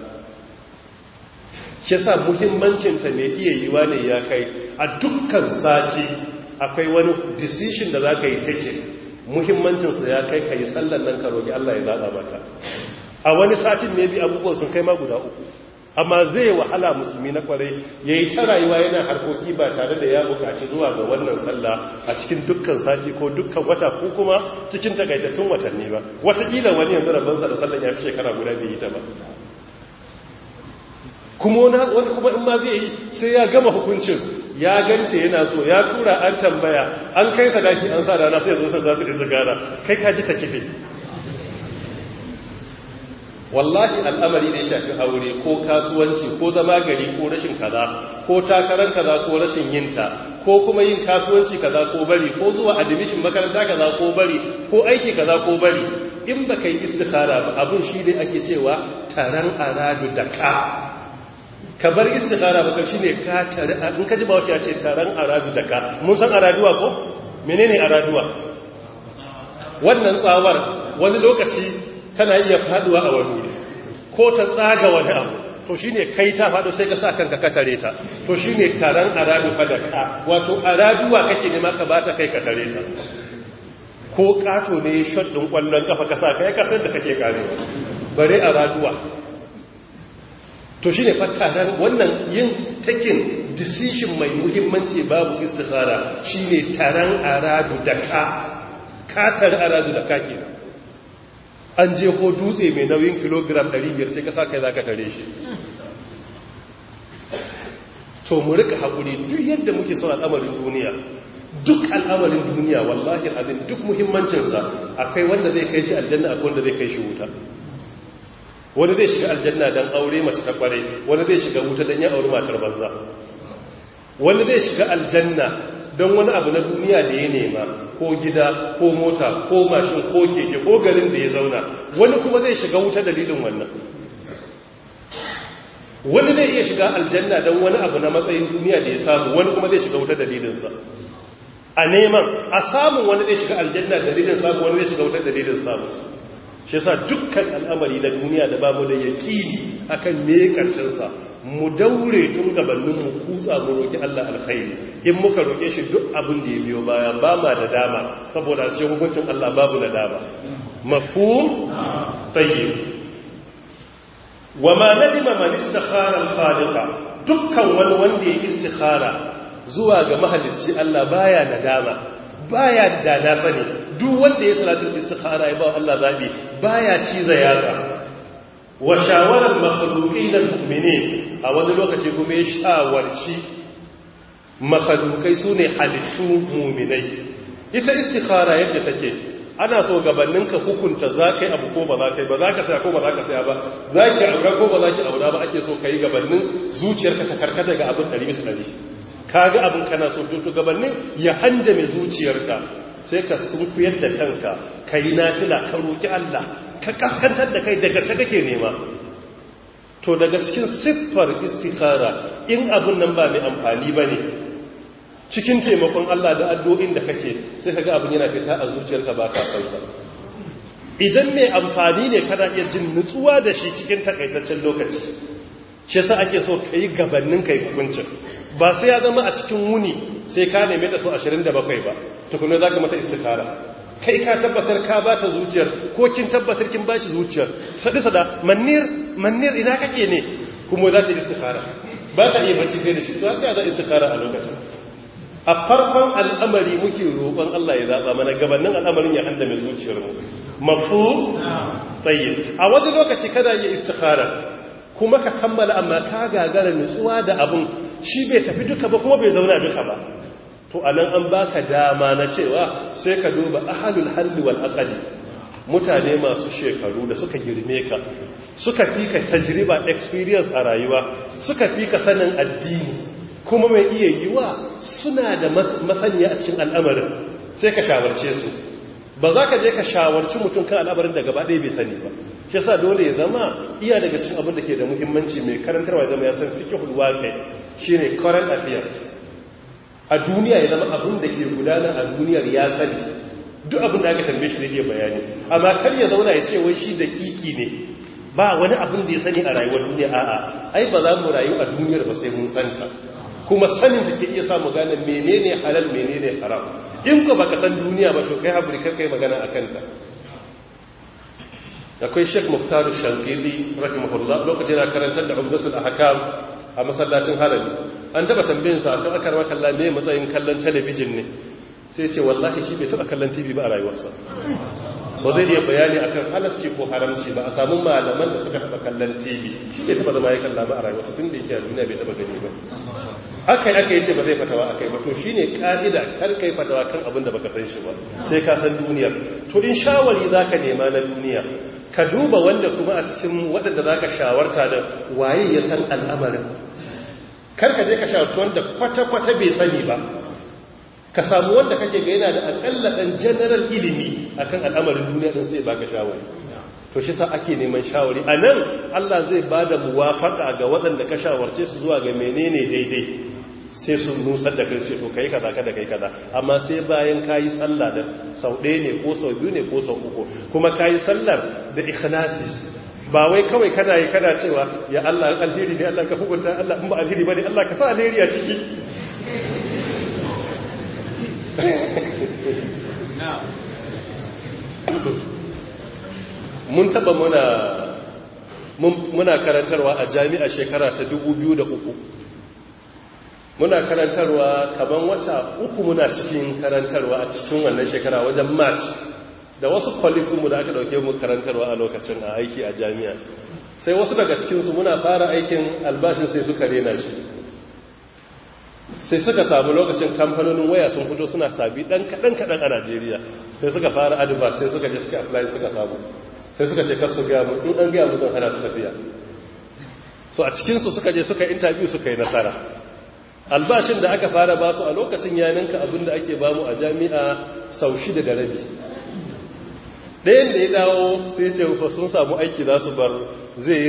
A: shi sa muhimmancinta mai iya yiwa ne ya kai a dukkan sati akwai wani decision da za ka yi take muhimmancinsa ya kai ka yi sallan nan ka roƙi Allah ya zaɓa maka a wani satin ne bi abubuwan sun kai maguda uku amma zai wahala musulmi na kwarai ya yi ta rayuwa yana harkoki ba tare da ya bukaci zuwa ga wannan sallah a cikin dukkan sati ko dukkan wata ko kuma cikin takaitattun watanni ba watakila wani yanzu rabansa da sallah ya fi shekara guda bai ta ba kuma wani kuma in ma zai yi sai ya gama hukuncin ya gance yana so ya tura an tambaya an kai sadaki an sa rana sai zo sai za su izigara kai ka ji ta kife wallahi al'amari da ya shafi aure ko kasuwanci ko zama gari ko rashin kaza ko takarar kaza ko rashin yinta ko kuma yin kasuwanci kaza ko bari ko zuwa admission makaranta kaza ko bari ko aiki kaza ko bari in ba kai istikhara ba abun shi ne ake cewa taran aradu da ka ka bar istikhara ba shi ne ka tare in ka ji ba ya ce taran aradu da ka mun san araduwa ko menene araduwa wannan tsawar wani lokaci tana iya faduwa a wani wuri ko ta tsaga wani abu to shine kai ta fado sai ka sa kanka ka tare ta to shine taran aradu fa da ka wato araduwa kake nema ka bata kai ka tare ta ko kato ne shot kwallon kafa ka sa kai ka san da kake gane bare araduwa to shine fattaran wannan yin takin decision mai muhimmanci babu istikhara shine taran aradu da ka katar aradu da ka kenan an je ko dutse mai nauyin kilogram 500 sai ka sa kai za ka tare shi to mu rika hakuri duk yadda muke son al'amarin duniya duk al'amarin duniya wallahi azin duk muhimmancinsa akwai wanda zai kai shi aljanna akwai wanda zai kai shi wuta wani zai shiga aljanna don aure mace ta kware wani zai shiga wuta don ya auri matar banza wani zai shiga aljanna don wani abu na duniya da ya nema ko gida ko mota ko mashin ko keke ko garin da ya zauna wani kuma zai shiga wuta dalilin wannan wani zai iya shiga aljanna don wani abu na matsayin duniya da ya samu wani kuma zai shiga wuta dalilinsa a neman a samun wani zai shiga aljanna dalilin samu wani zai shiga wuta dalilin samu shi yasa dukkan al'amari na duniya da bamu da yakini akan me karshen sa mu daure tun gabanin mu kutsa mu roki Allah alkhairi in muka roke shi duk abin da ya biyo baya ba ma da dama saboda shi hukuncin Allah babu da dama mafhum tayyib wama nadima man istakhara al-khaliqa dukkan wani wanda ya istikhara zuwa ga mahalicci Allah baya nadama baya da sani duk wanda ya salatu istikhara ya ba Allah zabi baya ciza yatsa wa shawarar makhlukai da mu'mini a wani lokaci kuma ya shawarci makhlukai su ne halittu mu'minai ita istikhara yadda take ana so gabanin ka hukunta za ka yi abu ko ba za ka yi ba za ka saya ko ba za ka saya ba za ki aura ko ba za ki aura ba ake so ka yi gabanin zuciyarka ta karkata ga abin ɗari bisa ɗari ka ga abin kana so to gabanin ya handame zuciyarka sai ka sunfiyar da kanka ka yi nafila ka roƙi Allah ka kaskantar da kai daga sa kake nema to daga cikin siffar istikhara in abun nan ba mai amfani ba ne cikin taimakon Allah da addu'o'in da kake sai kaga abin yana fita a zuciyarka ba ka kansa idan mai amfani ne kana iya jin nutsuwa da shi cikin takaitaccen lokaci shi yasa ake so kai gabanin kai hukuncin ba sai ya zama a cikin wuni sai ka nemi ta da 27 ba za zaka mata istikhara kai ka tabbatar ka ba ta zuciyar ko kin tabbatar kin ba shi zuciyar sadi sada manir manir ina kake ne kuma za ta istikhara ba ta iya bacci sai da shi za ta istikhara a lokacin a farkon al'amari muke roƙon Allah ya zaba mana gabanin al'amarin ya handa mai zuciyar mu mafu tsaye a wani lokaci kada yi istikhara kuma ka kammala amma ka gagara nutsuwa da abun shi bai tafi duka ba kuma bai zauna duka ba to anan an baka dama na cewa sai ka duba ahalul halli wal aqli mutane masu shekaru da suka girme ka suka fi ka tajriba experience a rayuwa suka fi ka sanin addini kuma mai iya yiwa suna da masaniya a cikin al'amarin sai ka shawarce su ba za ka je ka shawarci mutum kan al'amarin da gaba ɗaya bai sani ba shi yasa dole ya zama iya daga cikin abin da ke da muhimmanci mai karantarwa zama ya san kai, shi shine current affairs a duniya ya zama abin da ke gudana a duniyar ya sani duk abin da aka tambaye shi ne iya bayani amma kar ya zauna ya ce wai shi da dakiki ne ba wani abin da ya sani a rayuwar duniya a'a ai ba za mu rayu a duniyar ba sai mun santa kuma sanin da ke iya samu gane menene halal menene haram in ko baka san duniya ba to kai haƙuri kai magana akan ta akwai shek muftaru Shankili rahimahullah lokacin da karantar da Umdatul Ahkam a masallacin halali an taba tambayinsa a kan akar makalla ne matsayin kallon talabijin ne sai ce wallahi shi bai taba kallon tv ba a rayuwarsa ba zai iya bayani akan halarci ko haramci ba a samun malaman da suka taba kallon tv ne taba zama ya kalla ba a rayuwa tun da yake a duniya bai taba gani ba aka yi aka yi ce ba zai fatawa aka yi ba to shi ne ƙa'ida kar kai fatawa kan abin da baka san shi ba sai ka san duniya to in shawari za ka nema na duniya ka duba wanda kuma a cikin waɗanda za ka shawarta da waye ya san al'amarin kar ka je ka shawarci wanda kwata-kwata bai sani ba ka samu wanda kake ga yana da akalla dan general ilimi akan al'amarin duniya din sai baka shawari to shi sa ake neman shawari anan Allah zai bada muwafaka ga waɗanda ka shawarce su zuwa ga menene daidai sai su nusa da kai sai to kai kaza kada kai kaza amma sai bayan kayi sallah da sau ɗaya ne ko sau biyu ne ko sau uku kuma yi sallar da ikhlasi ba wai kawai kana yi kana cewa ya Allah alheri ne Allah ka hukunta Allah in ba alheri bane Allah ka sa alheri a
C: ciki
A: mun taba muna muna karantarwa a jami'a shekara ta 2003 muna karantarwa kaban wata uku muna cikin karantarwa a cikin wannan shekara wajen march da wasu kwalifinmu da aka dauke mu karantarwa a lokacin a aiki a jami'a sai wasu daga cikinsu muna fara aikin albashin sai suka rena shi sai suka samu lokacin kamfanonin waya sun fito suna sabi dan kadan kadan a Najeriya sai suka fara advert sai suka je suka apply suka samu sai suka ce kasu ga mu in an ga mu zan hana su tafiya so a cikin su suka je suka interview suka yi nasara albashin da aka fara ba su a lokacin yaninka abin da ake ba mu a jami'a sau shida da rabi ɗayan da ya dawo sai ce fa sun samu aiki za su bar zai yi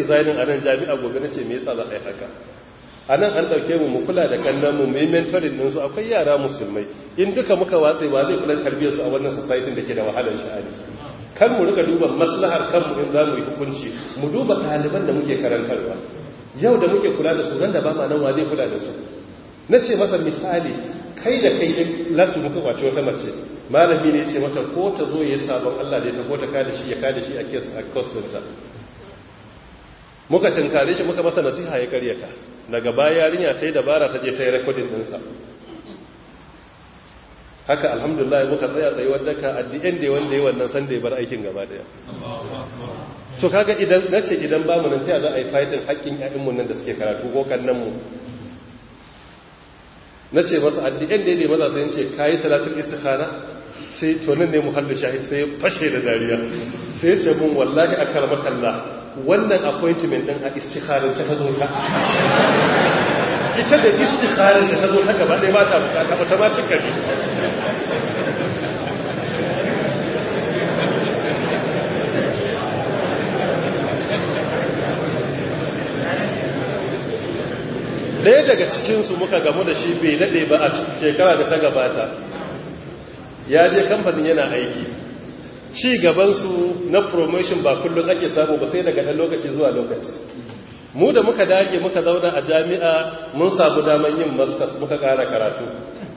A: rizayin a nan jami'a gobe na ce me yasa za a yi haka a nan an ɗauke mu mu kula da kannan mu mu yi mentorin ɗinsu akwai yara musulmai in duka muka watse ba zai kula tarbiyyar su a wannan society da ke da wahalar sha'ani kan mu rika duba maslahar kanmu in za mu yi hukunci mu duba ɗaliban da muke karantarwa yau da muke kula da su nan da ba ma nan wa zai kula da su na ce masa misali kai da kai lasu muka kwace wata mace malami ne ce mata ko ta zo ya sabon Allah da ya tafi ta kada shi ya kada shi a kes a kostinta muka cinkare shi muka masa nasiha ya karyata daga baya yarinya ta yi dabara ta je ta yi rekodin ɗinsa haka alhamdulillah muka tsaya tsayuwar daga ka addi'in da wanda ya wannan sanda ya bar aikin gaba daya so kaga idan na ce idan ba mu nan a za a yi fighting haƙƙin ƴaƴanmu nan da suke karatu ko kannan mu na ce masa addi'in da ya maza yin ce ka kayi isa istikhara sai to nan ne muhallu shahi sai fashe da dariya sai ya ce mun wallahi a karamar Allah wannan appointment din a istikharar ta zo ta ita da istikharar da ta zo ta gaba dai ba ta bukata ba ta ma cika ne ɗaya daga cikinsu muka gamu da shi bai daɗe ba a shekara da ta gabata ya je kamfanin yana aiki ci gabansu na promotion ba kullum ake samu ba sai daga ɗan lokaci zuwa lokaci mu da muka dage muka zauna a jami'a mun samu daman yin masters muka ƙara karatu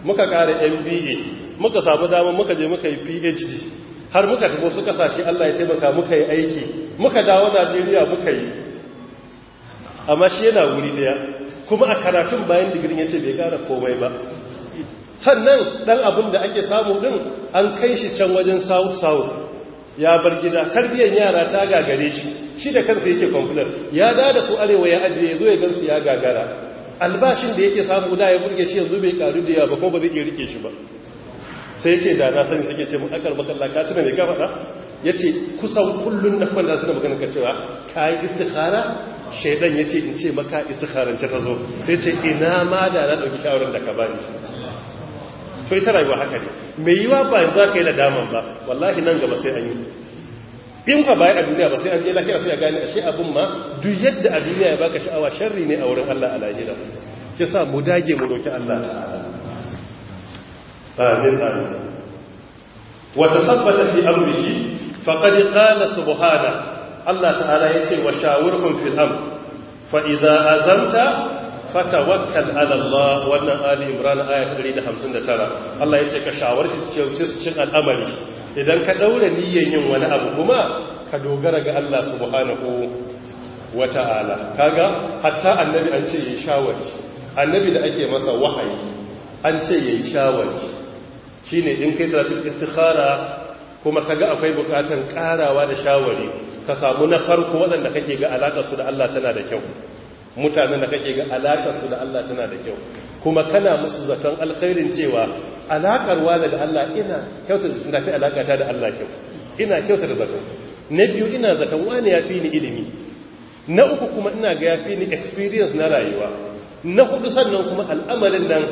A: muka ƙara mba muka samu daman muka je muka yi phd har muka tafi su kasashe allah ya taimaka muka yi aiki muka dawo najeriya muka yi amma shi yana wuri daya kuma a karatun bayan digirin ya ce bai ƙara komai ba sannan ɗan abin da ake samu ɗin an kai shi can wajen south south ya bar gida tarbiyyar yara ta gagare shi shi da kansa yake kwamfular ya da da su arewa ya ajiye zo ya gansu ya gagara albashin da yake samu da ya burge shi yanzu bai karu da yawa ba ba zai iya rike shi ba sai ce da na sani sake ce mu akar bakalla ka tuna ne ka ya ce kusan kullum na kwanza suna magana ka cewa ka yi istikhara shaidan ya ce in ce maka istikharance ta zo sai ce ina ma da na ɗauki shawarar da ka bani so ita rayuwa haka ne mai yiwa ba za ka yi nadaman ba wallahi nan gaba sai an yi in ba baya a duniya ba sai an je lahira sai a gane ashe abin ma duk yadda a duniya ya baka sha'awa sharri ne a wurin Allah a lahira ke sa mu dage mu roki Allah amin amin wa fi amrihi faqad qala subhana Allah ta'ala yace wa shawirhum fil amr fa idza azamta Fata ala Allah wannan ali imran aya 159 Allah ya ce ka shawarci cin al'amari idan ka daura niyyar yin wani abu kuma ka dogara ga Allah subhanahu wata'ala kaga hatta annabi an ce yayi shawari annabi da ake masa wahayi an ce yayi shawari shine in kai salatul istikhara kuma kaga akwai bukatan karawa da shawari ka samu na farko wadanda kake ga alaka su da Allah tana da kyau mutanen da kake ga alakar da Allah tana da kyau kuma kana musu zaton alkhairin cewa alakar wa da Allah ina kyautar dafi tafi alakata da Allah kyau ina kyautar zaton na biyu ina zaton wani ya fi ni ilimi na uku kuma ina ga ya fi ni experience na rayuwa na hudu sannan kuma al'amarin nan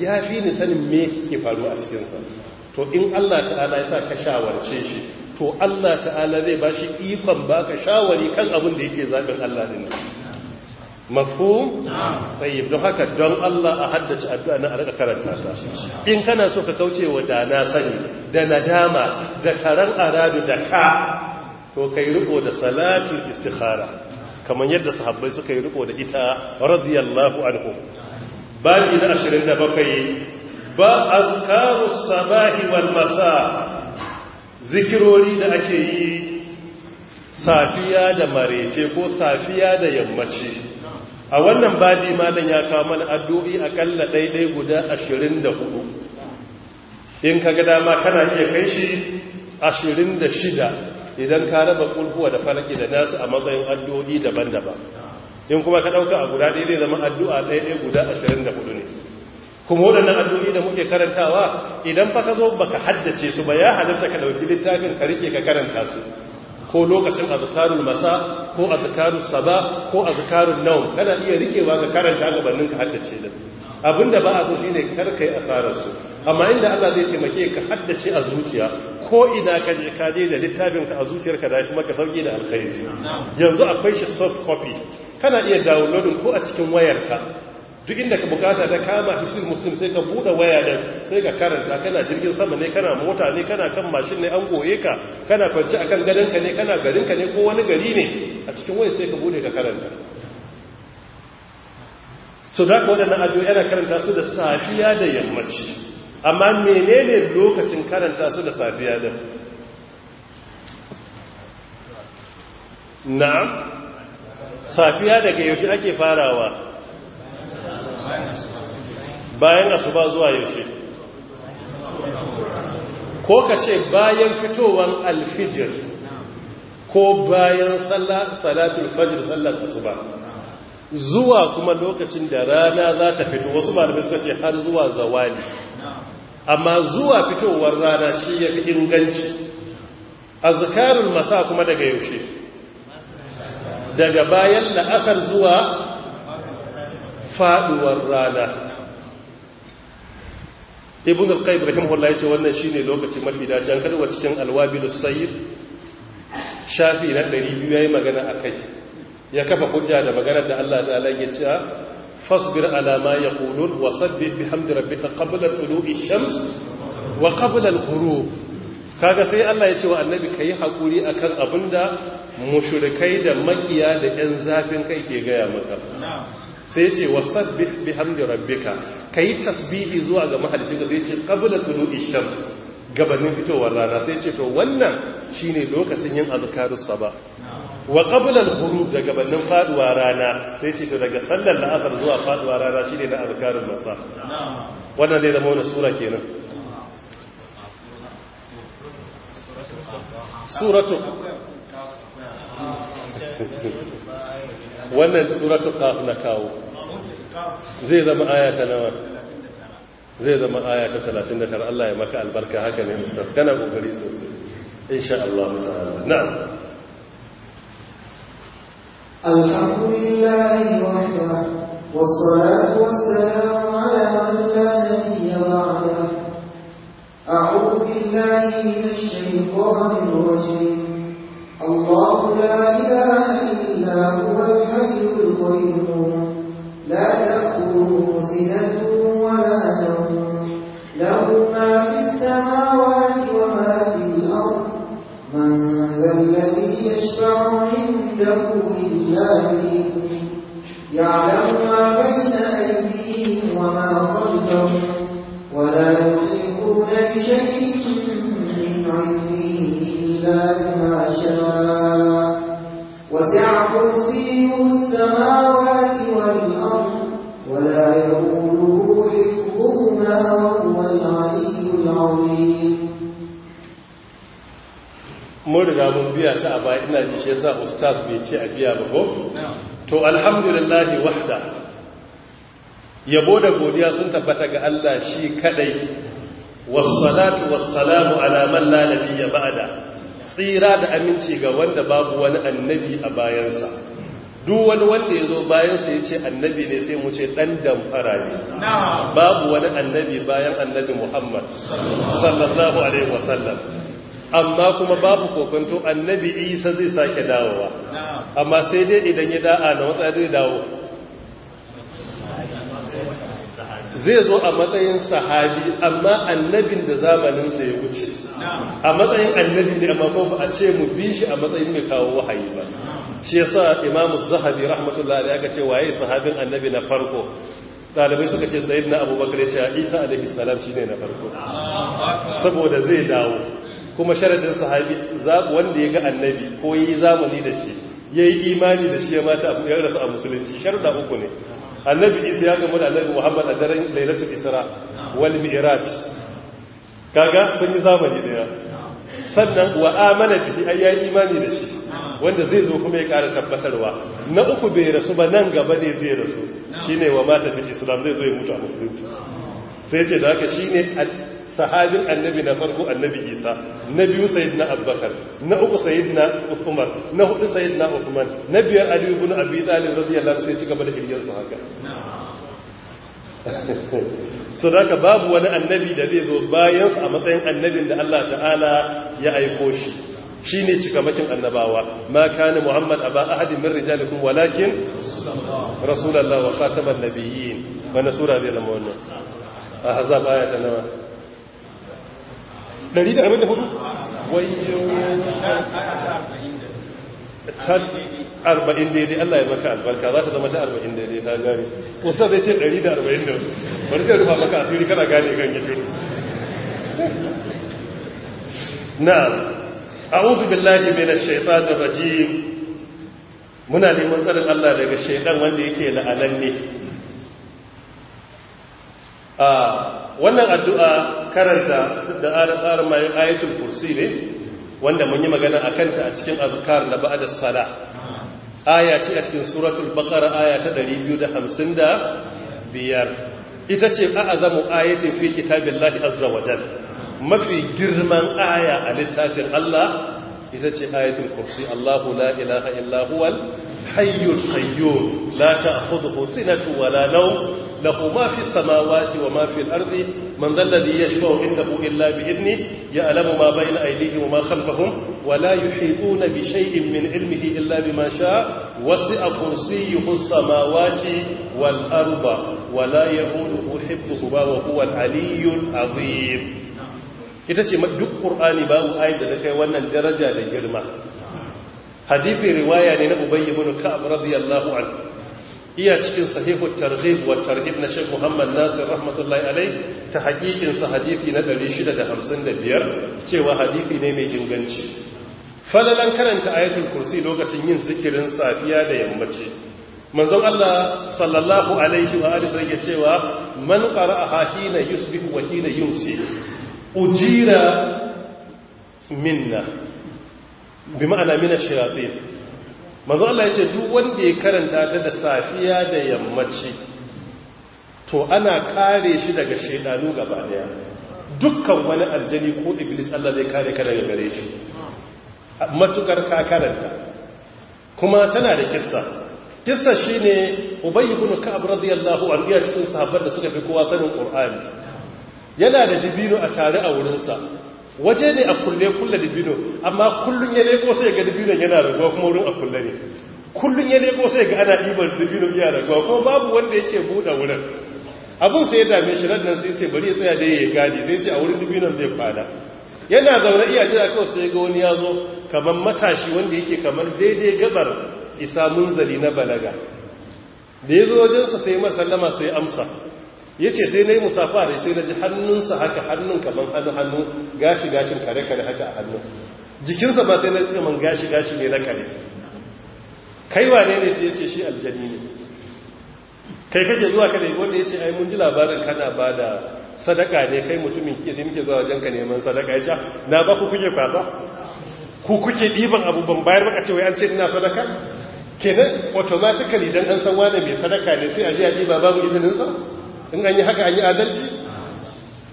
A: ya fi ni sanin me ke faruwa a cikinsa to in Allah ta'ala ya sa ka shawarce shi to Allah ta'ala zai ba shi ikon baka shawari kan abin da yake zaɓin Allah din mafhum tayyib don haka don Allah a haddace addu'a na a karanta ta in kana so ka kauce wa da na sani da nadama da karan aradu da ka to kai riko da salatul istikhara kamar yadda sahabbai suka yi riko da ita radiyallahu anhu Ba ashirin na bakwai ba azkaru sabahi wal masa zikirori da ake yi safiya da marece ko safiya da yammaci a wannan babi malam ya kawo mana addu'i akalla daidai guda
C: 24
A: in kaga dama kana iya kai shi 26 idan ka raba kulhuwa da falaki da nasu a matsayin addu'o'i daban-daban in kuma ka dauka a guda ɗaya zai zama addu'a ɗaya guda 24 ne kuma waɗannan addu'o'i da muke karantawa idan fa ka zo baka haddace su ba ya halatta ka dauki littafin ka rike ka karanta su ko lokacin azkarul masa ko azkarul saba ko azkarul nawm kana iya rikewa ka karanta gabanin ka haddace da abinda ba a so shine kar kai asarar su amma inda Allah zai taimake ka haddace a zuciya ko ina ka je ka je da littafin ka a zuciyarka da kuma ka sauke da alkhairi yanzu akwai shi soft copy kana iya downloading ko a cikin wayarka duk inda ka bukata ta kama hisir muslim sai ka bude waya din sai ka karanta kana jirgin sama ne kana mota ne kana kan mashin ne an goye ka kana kwanci akan gadonka ne kana garinka ne ko wani gari ne a cikin waya sai ka bude ka karanta so da na addu'o'i ana karanta su da safiya da yammaci amma menene lokacin karanta su da safiya da na'am safiya daga yaushe ake farawa bayan asuba zuwa yaushe ko ka ce bayan fitowar alfijir ko bayan salatul fajir sallar asuba zuwa kuma lokacin da rana za ta fito wasu malamai suka ce har zuwa zawali amma zuwa fitowar rana shi ya fi inganci azkarul masa kuma daga yaushe daga bayan la'asar zuwa faduwar rana ibn al-qayyim rahimahullah yace wannan shine lokaci mafi dace an kada cikin alwabil sayyid shafi na biyu yayi magana akai ya kafa hujja da magana da Allah ta'ala ya ce fasbir ala ma yaqulun wa sabbih bihamdi rabbika qabla tulu'i shams wa qabla al-ghurub kaga sai Allah ya ce wa annabi kai hakuri akan abinda mushrikai da makiya da yan zafin kai ke gaya maka sai ce bi hamdi rabbika yi tasbihi zuwa ga mahalicin ka sai ce qabla tulu'i shams gabanin fitowar rana sai ce to wannan shine lokacin yin azkarus saba wa qabla al-ghurub da gabanin faduwa rana sai ce to daga sallar la'asar zuwa faduwa rana shine na azkarul masa wannan zai zama wannan sura kenan
C: suratu ولا سورة قاف نكاو زي زيد ما آيات
A: زي زيد ما آيات ثلاثين ذكر الله يمك البركة هكذا يمستس كان أبو غريس إن شاء الله تعالى نعم
B: الحمد لله وحده والصلاة والسلام على من لا نبي بعده أعوذ بالله من الشيطان الرجيم الله لا إله إلا هو الحي القيوم لا تأخذه سنة ولا نوم له ما في السماوات وما في الأرض من ذا الذي يشفع عنده إلا يعلم ما بين أيديهم وما خلفهم ولا يحيطون بشيء من علمه إلا بما شاء mun
A: riga mun biya ta a baya ina ji shi yasa ustaz bai ce a biya ba ko to alhamdulillah wahda yabo da godiya sun tabbata ga Allah shi kadai wassalatu wassalamu ala man la nabiyya ba'da tsira da aminci ga wanda babu wani annabi a bayansa duk wani wanda ya zo bayansa ya ce annabi ne sai mu ce ɗan damfara ne babu wani annabi bayan annabi muhammad sallallahu alaihi wasallam amma kuma babu kokonto annabi isa zai sake dawowa amma sai dai idan ya da'a na matsa zai dawo zai zo a matsayin sahabi amma annabin da zamaninsa ya wuce a matsayin annabi ne amma kuma a ce mu bi shi a matsayin mai kawo wahayi ba shi yasa imamu zahabi rahmatullahi ya ce waye sahabin annabi na farko dalibai suka ce sayid na abubakar ya ce isa alaihi salam shi na farko saboda zai dawo kuma sharadin sahabi wanda ya ga annabi ko yi zamani da shi yayi imani da shi ya mata ya a musulunci sharda uku ne annabi isa ya gama da annabi muhammad a daren lailatul isra wal mi'raj kaga sun yi zamani daya sannan wa amana bihi ai ya imani da shi wanda zai zo kuma ya ƙara tabbatarwa na uku bai rasu ba nan gaba ne zai rasu shine wa mata fi islam zai zo ya mutu a musulunci sai ce da haka shine sahabin annabi na farko annabi isa na biyu sayid na abubakar na uku sayid na umar na hudu sayid na uthman na biyar ali ibn abi talib radiyallahu anhu sai ci da kirgin su haka so daga babu wani annabi da zai zo bayan a matsayin annabin da Allah ta'ala ya aiko shi shine cikamakin annabawa ma kana muhammad aba ahadin min rijalikum walakin rasulullahi wa khataman nabiyyin wannan sura zai zama wannan ahzab ayata nawa ɗari da arba'in da hudu
C: ta arba'in daidai Allah
A: ya maka albarka za ta zama ta arba'in daidai ta gari kusa zai ce ɗari da arba'in da hudu bari zai rufa maka asiri kana gane kan yi shiru na'am a'udhu billahi minash da rajim muna neman tsarin Allah daga shaitan wanda yake la'ananne a wannan addu'a karanta da tsarin mai ayatul kursi ne wanda mun yi magana a kanta a cikin azkar na ba'da sala aya ce a cikin suratul baqara aya ta 255 ita ce azamu ayatin fi kitabillahi azza wajen. mafi girman aya a littafin Allah ita ce ayatul kursi Allahu la ilaha illa huwal hayyul qayyum la ta'khudhuhu nawm له ما في السماوات وما في الأرض من ذا الذي يشفع عنده إلا بإذنه يعلم ما بين أيديهم وما خلفهم ولا يحيطون بشيء من علمه إلا بما شاء وسع كرسيه السماوات والأرض ولا يعوده حفظهما وهو العلي العظيم ita ce duk ƙur'ani babu ayin da ta kai wannan daraja da girma hadithi riwaya ne na ubayyi ibn ka'ab radiyallahu anhu iya cikin sahihu targhib wa tarhib na Sheikh Muhammad Nasir rahmatullahi alaihi ta hakikin sa hadisi na 655 cewa hadisi ne mai inganci falalan karanta ayatul kursi lokacin yin zikirin safiya da yammaci manzon Allah sallallahu alaihi wa alihi sai cewa man a hina yusbihu wa hina yumsi ujira minna bi ma'ana min ash-shayatin manzo Allah ya ce duk wanda ya karanta ta da safiya da yammaci to ana kare shi daga shedanu gaba daya dukkan wani aljani ko iblis Allah zai kare ka daga gare shi matukar ka karanta kuma tana da kissa kissa shine ubay ibn radiyallahu anhu ya cikin sahabban da suka fi kowa sanin qur'ani yana da dibino a tare a wurinsa waje ne a kulle kulle dibino amma kullun ya leko sai ga dibino yana raguwa kuma wurin a kulle ne kullun ya leko sai ga ana ɗibar ya da raguwa kuma babu wanda yake buɗe wurin abin sai ya dame shi nan sai ce bari ya tsaya da ya gadi sai ce a wurin dibinon zai fada yana zaune iya jira kawai sai ga wani ya zo kamar matashi wanda yake kamar daidai gabar isa munzali na balaga da ya zo wajensa sai masallama sai amsa ya ce sai na yi musafa da sai na ji hannunsa haka hannun kamar hannu-hannu gashi-gashin kare-kare haka a hannun jikinsa ba sai na yi man gashi-gashi ne na kare kai wane ne ya ce shi aljani ne kai kake zuwa kada wanda ya ce ai mun ji labarin kana ba da sadaka ne kai mutumin ke sai muke zuwa wajen ka neman sadaka ya ce na ba ku kuke kwasa ku kuke ɗiban abubuwan bayar baka ce wai an ce ina sadaka kenan automatically dan an san wane mai sadaka ne sai a ji a ɗiba babu izininsa in an yi haka an yi adalci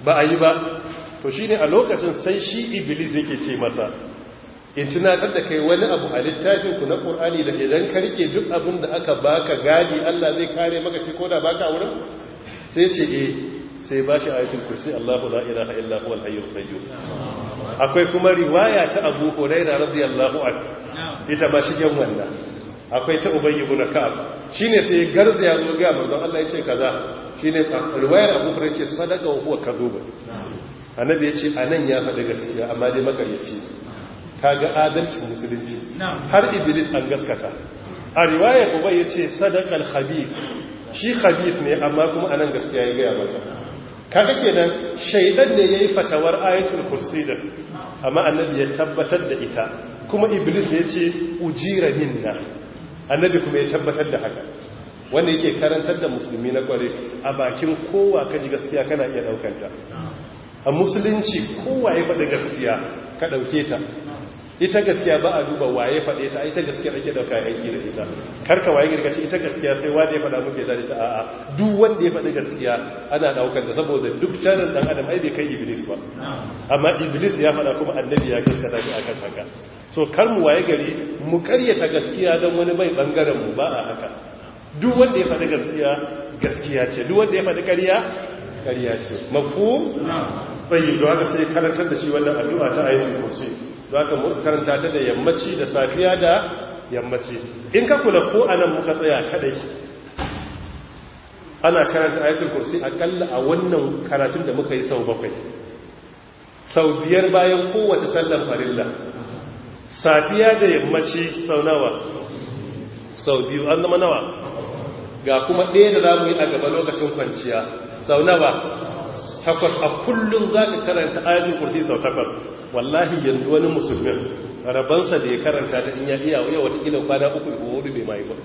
A: ba a yi ba to shi ne a lokacin sai shi iblis yake ce masa in tunatar da kai wani abu a littafin ku na ƙorani da idan ka rike duk abin da aka baka gadi allah zai kare maka ce ko da baka wurin sai ce e sai ba shi yakin kursi allahu la ilaha illa akwai kuma riwaya ta abu hurairah radiyallahu ita ma shigen wannan akwai ta ubayyi ibn ka'ab shine sai garza ya zo ga manzon Allah ya ce kaza shine riwayar Abu Hurairah ce sadaka wa huwa kadhub annabi ya ce anan ya faɗi gaskiya amma dai makaryaci kaga adalcin musulunci har iblis an gaskata a riwayar ubay ya ce sadaka al-khabith shi khabith ne amma kuma anan gaskiya ya ga maka kaga kenan shaydan ne yayi fatawar ayatul kursi da amma annabi ya tabbatar da ita kuma iblis ya ce ujira minna annabi kuma ya tabbatar da haka wanda yake karantar da musulmi na kware a bakin kowa ka ji gaskiya kana iya daukanta a musulunci kowa ya faɗi gaskiya ka ɗauke ta ita gaskiya ba a duba waye faɗe ta ita gaskiya ake dauka aiki da ita karka waye girgaci ita gaskiya sai wanda ya faɗa muke da ta a'a duk wanda ya faɗi gaskiya ana daukar da saboda duk tarin dan adam ai bai kai iblis ba amma iblis ya faɗa kuma annabi ya gaskata shi akan haka so kar mu waye gari mu karyata gaskiya don wani bai bangaren mu ba a haka duk wanda ya faɗi gaskiya gaskiya ce duk wanda ya faɗi ƙarya ƙarya ce mafu bayi da haka sai karantar da shi wannan addu'a ta ayyukan kursi da haka mu karanta ta da yammaci da safiya da yammaci in ka kula ko a nan muka tsaya kadai ana karanta ayatul kursi akalla a wannan karatun da muka yi sau bakwai sau biyar bayan kowace sallar farilla safiya da yammaci sau nawa sau biyu an zama nawa ga kuma ɗaya da za mu yi a gaba lokacin kwanciya sau nawa takwas a kullum za ka karanta ayatul kurdi sau takwas wallahi yanzu wani musulmin rabansa da ya karanta ta in ya iya A ila kwana uku ko hudu bai mai ba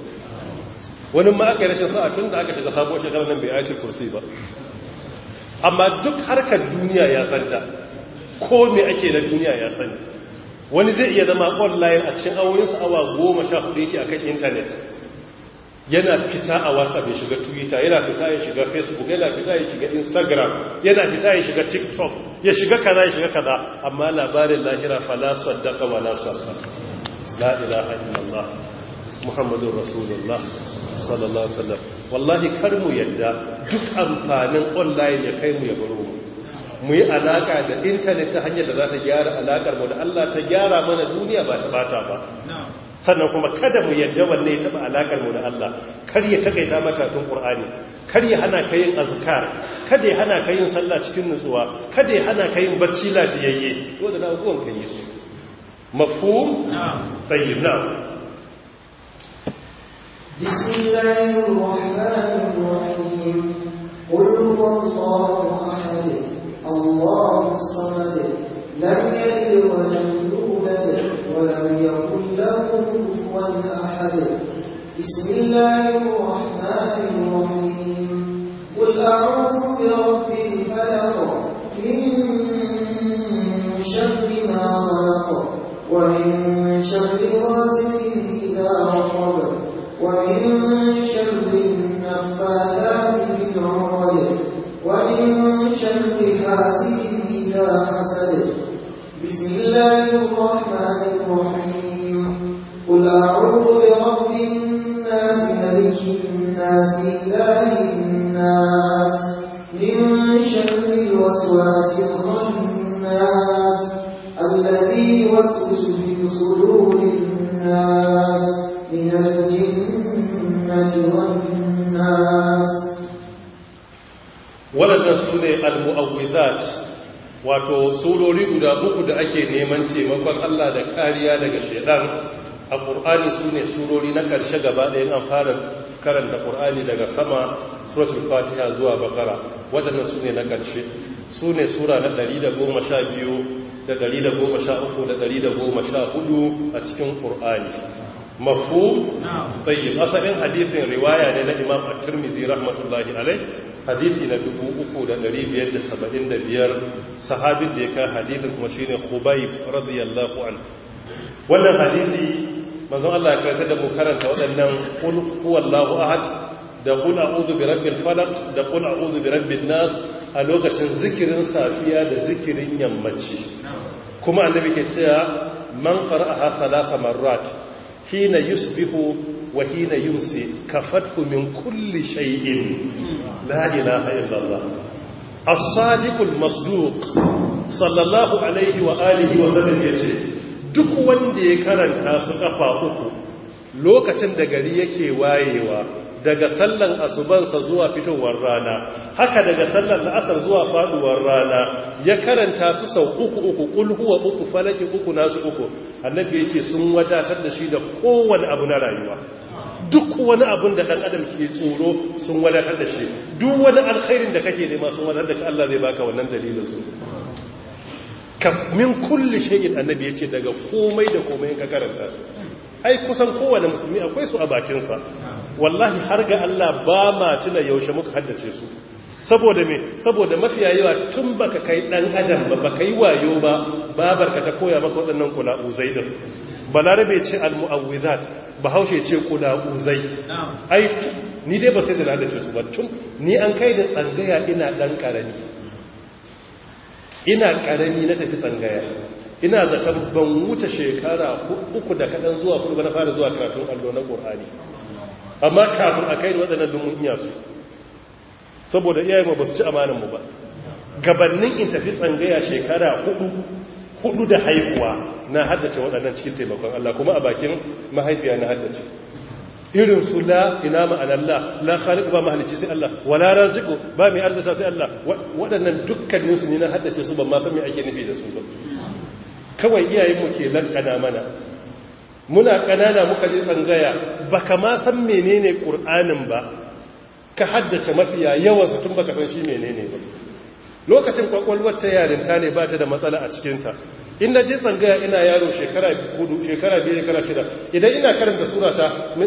A: wani ma aka yi rashin sa'a tun da aka shiga sabuwar shekarar nan bai ayatul kursi ba amma duk harkar duniya ya santa ko me ake na duniya ya sani wani zai iya zama online a cikin awoyinsa awa goma sha hudu yake akan intanet yana fita a whatsapp ya shiga twitter yana fita ya shiga facebook yana fita ya shiga instagram yana fita ya shiga tiktok ya shiga kaza ya shiga kaza amma labarin lahira fala saddaka wala sarfa la ilaha illallah muhammadur rasulullah sallallahu alaihi wasallam wallahi kar mu yadda duk amfanin online ya kai mu ya baro mu mu yi alaka da intanet ta hanyar da za ta gyara alakar mu da Allah ta gyara mana duniya ba ta bata ba sannan kuma kada mu yadda wanne ya taba alakar mu da Allah kar ya takaita maka tun Qur'ani kar ya hana ka yin azkar kada ya hana ka yin sallah cikin nutsuwa kada ya hana ka yin bacci lafiyayye dole da uwan ka yi su mafhum tayyib na
B: bismillahir rahmanir rahim qul huwallahu ahad الله الصمد لم يلد ولم يولد ولم يكن له كفوا أحد بسم الله الرحمن الرحيم قل أعوذ برب الفلق من شر ما خلق ومن شر غاسق إذا رقب ومن شر النفاثات إذا حسد بسم الله الرحمن الرحيم قل أعوذ برب الناس ملك الناس إله الناس من شر الوسواس الناس الذي يوسوس في صدور الناس من الجنة والناس
A: ولد سنة المؤوذات wato surori guda uku da ake neman taimakon Allah da kariya daga shaidan a ƙur'ani su ne surori na ƙarshe gaba da yin fara karanta ƙur'ani daga sama suratul fatiha zuwa bakara waɗannan su ne na ƙarshe su ne sura na 112 da 113 da 114 a cikin ƙur'ani mafu sai asalin hadisin riwaya ne na imam at-tirmidhi rahmatullahi alaihi hadisi na 3575 sahabin da ya kai hadisin kuma shine Khubayb radiyallahu anhu wannan hadisi manzon Allah ya karanta da mu karanta waɗannan qul ahad da kun a'udhu bi rabbil falaq da kun a'udhu bi rabbin nas a lokacin zikirin safiya da zikirin yammaci kuma annabi ke cewa man qara'aha salasa marrat hina yusbihu wahina yumsi kafatku min kulli shay'in la ilaha illallah as masduq sallallahu alaihi wa alihi wa sallam yace duk wanda ya karanta su kafa uku lokacin da gari yake wayewa daga sallan sa zuwa fitowar rana haka daga sallan la'asar zuwa faduwar rana ya karanta su sau uku uku kul huwa uku falaki uku nasu uku annabi yake sun wadatar da shi da kowane abu na rayuwa duk wani abin da ɗan adam ke tsoro sun wadatar da shi duk wani alkhairin da kake nema sun wadatar da shi Allah zai baka wannan dalilin su min kulli shay'in annabi ya ce daga komai da komai ka karanta ai kusan kowane musulmi akwai su a bakin sa wallahi har ga Allah ba ma tuna yaushe muka haddace su saboda me saboda mafiya yawa tun baka kai dan adam ba baka yi wayo ba babarka ta koya maka waɗannan kula'u zaidan balarabe ce al-mu'awwizat bahaushe ce kuna uzai ai ni dai ba sai da na da su ni an kai da tsangaya ina ɗan ƙarami ina karami na tafi tsangaya ina zaton ban wuce shekara uku da kaɗan zuwa kuma na fara zuwa karatun allo na ƙorani amma kafin a kai da waɗannan dumin iya su saboda iyayen ba su ci amanin mu ba gabannin in tafi tsangaya shekara hudu hudu da haihuwa na haddace waɗannan cikin taimakon Allah kuma a bakin mahaifiya na haddace irin su la ina ma'anar la la ba mahalicci sai Allah wala raziqu ba mai arzika sai Allah waɗannan dukkaninsu ne na haddace su ban ma san me ake nufi da su ba kawai iyayen mu ke lankana mana muna kanana muka ji tsangaya baka ma san menene qur'anin ba ka haddace mafiya yawansu su tun baka san shi menene ba lokacin kwakwalwar ta yarinta ne ba ta da matsala a cikinta in na je tsangaya ina yaro shekara hudu shekara biyu shekara shida idan ina karanta surata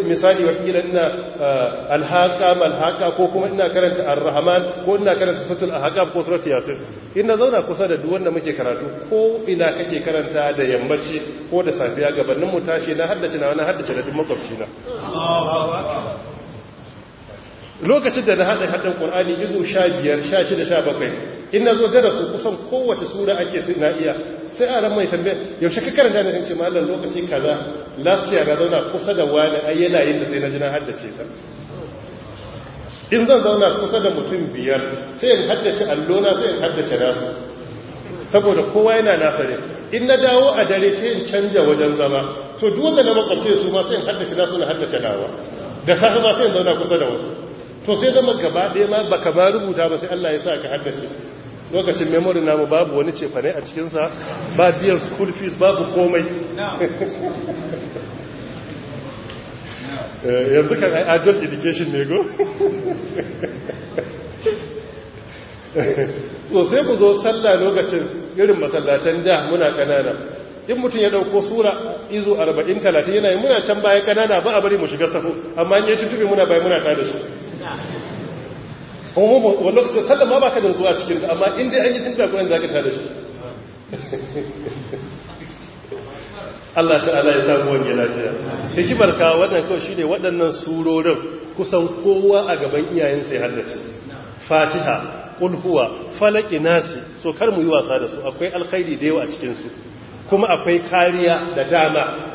A: misali watakila ina eh, alhaka malhaka ko kuma ina karanta arrahman ko ina karanta sutul ahqaf ko surat yasin in na zauna kusa da duk wanda muke karatu ko ina kake karanta da yammaci ko da safiya gabanin mu tashi na haddace na wani haddace da duk makwabci na lokacin da na haɗa haɗin qur'ani izu sha biyar sha shida sha bakwai in na zo darasu kusan kowace sura ake sai na iya sai a ran mai tambayar yaushe ka karanta na kanci malar lokaci kaza last year na zauna kusa da wani ai yana yin da sai na ji na haddace ta in zan zauna kusa da mutum biyar sai in haddace allona sai in haddace nasu saboda kowa yana nasa ne in na dawo a dare sai in canja wajen zama to duk wanda na makwabce su ma sai in haddace nasu na haddace nawa da safe ma sai in zauna kusa da wasu to sai zama gaba ɗaya ma baka ba rubuta ba sai Allah ya sa ka haddace lokacin memory namu babu wani cefane a cikinsa ba biyan school fees babu komai
C: eh, yanzu kan ai adult education ne go
A: so sai ku zo sallah lokacin irin masallatan da muna kanana in mutum ya dauko sura izu 40 30 yana muna can baya kanana ba a bari mu shiga safu amma in ya tutubi muna bai muna tada shi wani lokacin ma ba ka da zuwa cikin amma inda an yi tuntura kunan za ka shi
C: Allah ta'ala ya samu wani lafiya hikimar
A: ka wannan kawai shi ne waɗannan surorin kusan kowa a gaban iyayensa ya haddace fatiha ƙulhuwa falaki nasi so kar mu yi wasa da su akwai alkhairi da yawa a cikinsu kuma akwai kariya da dama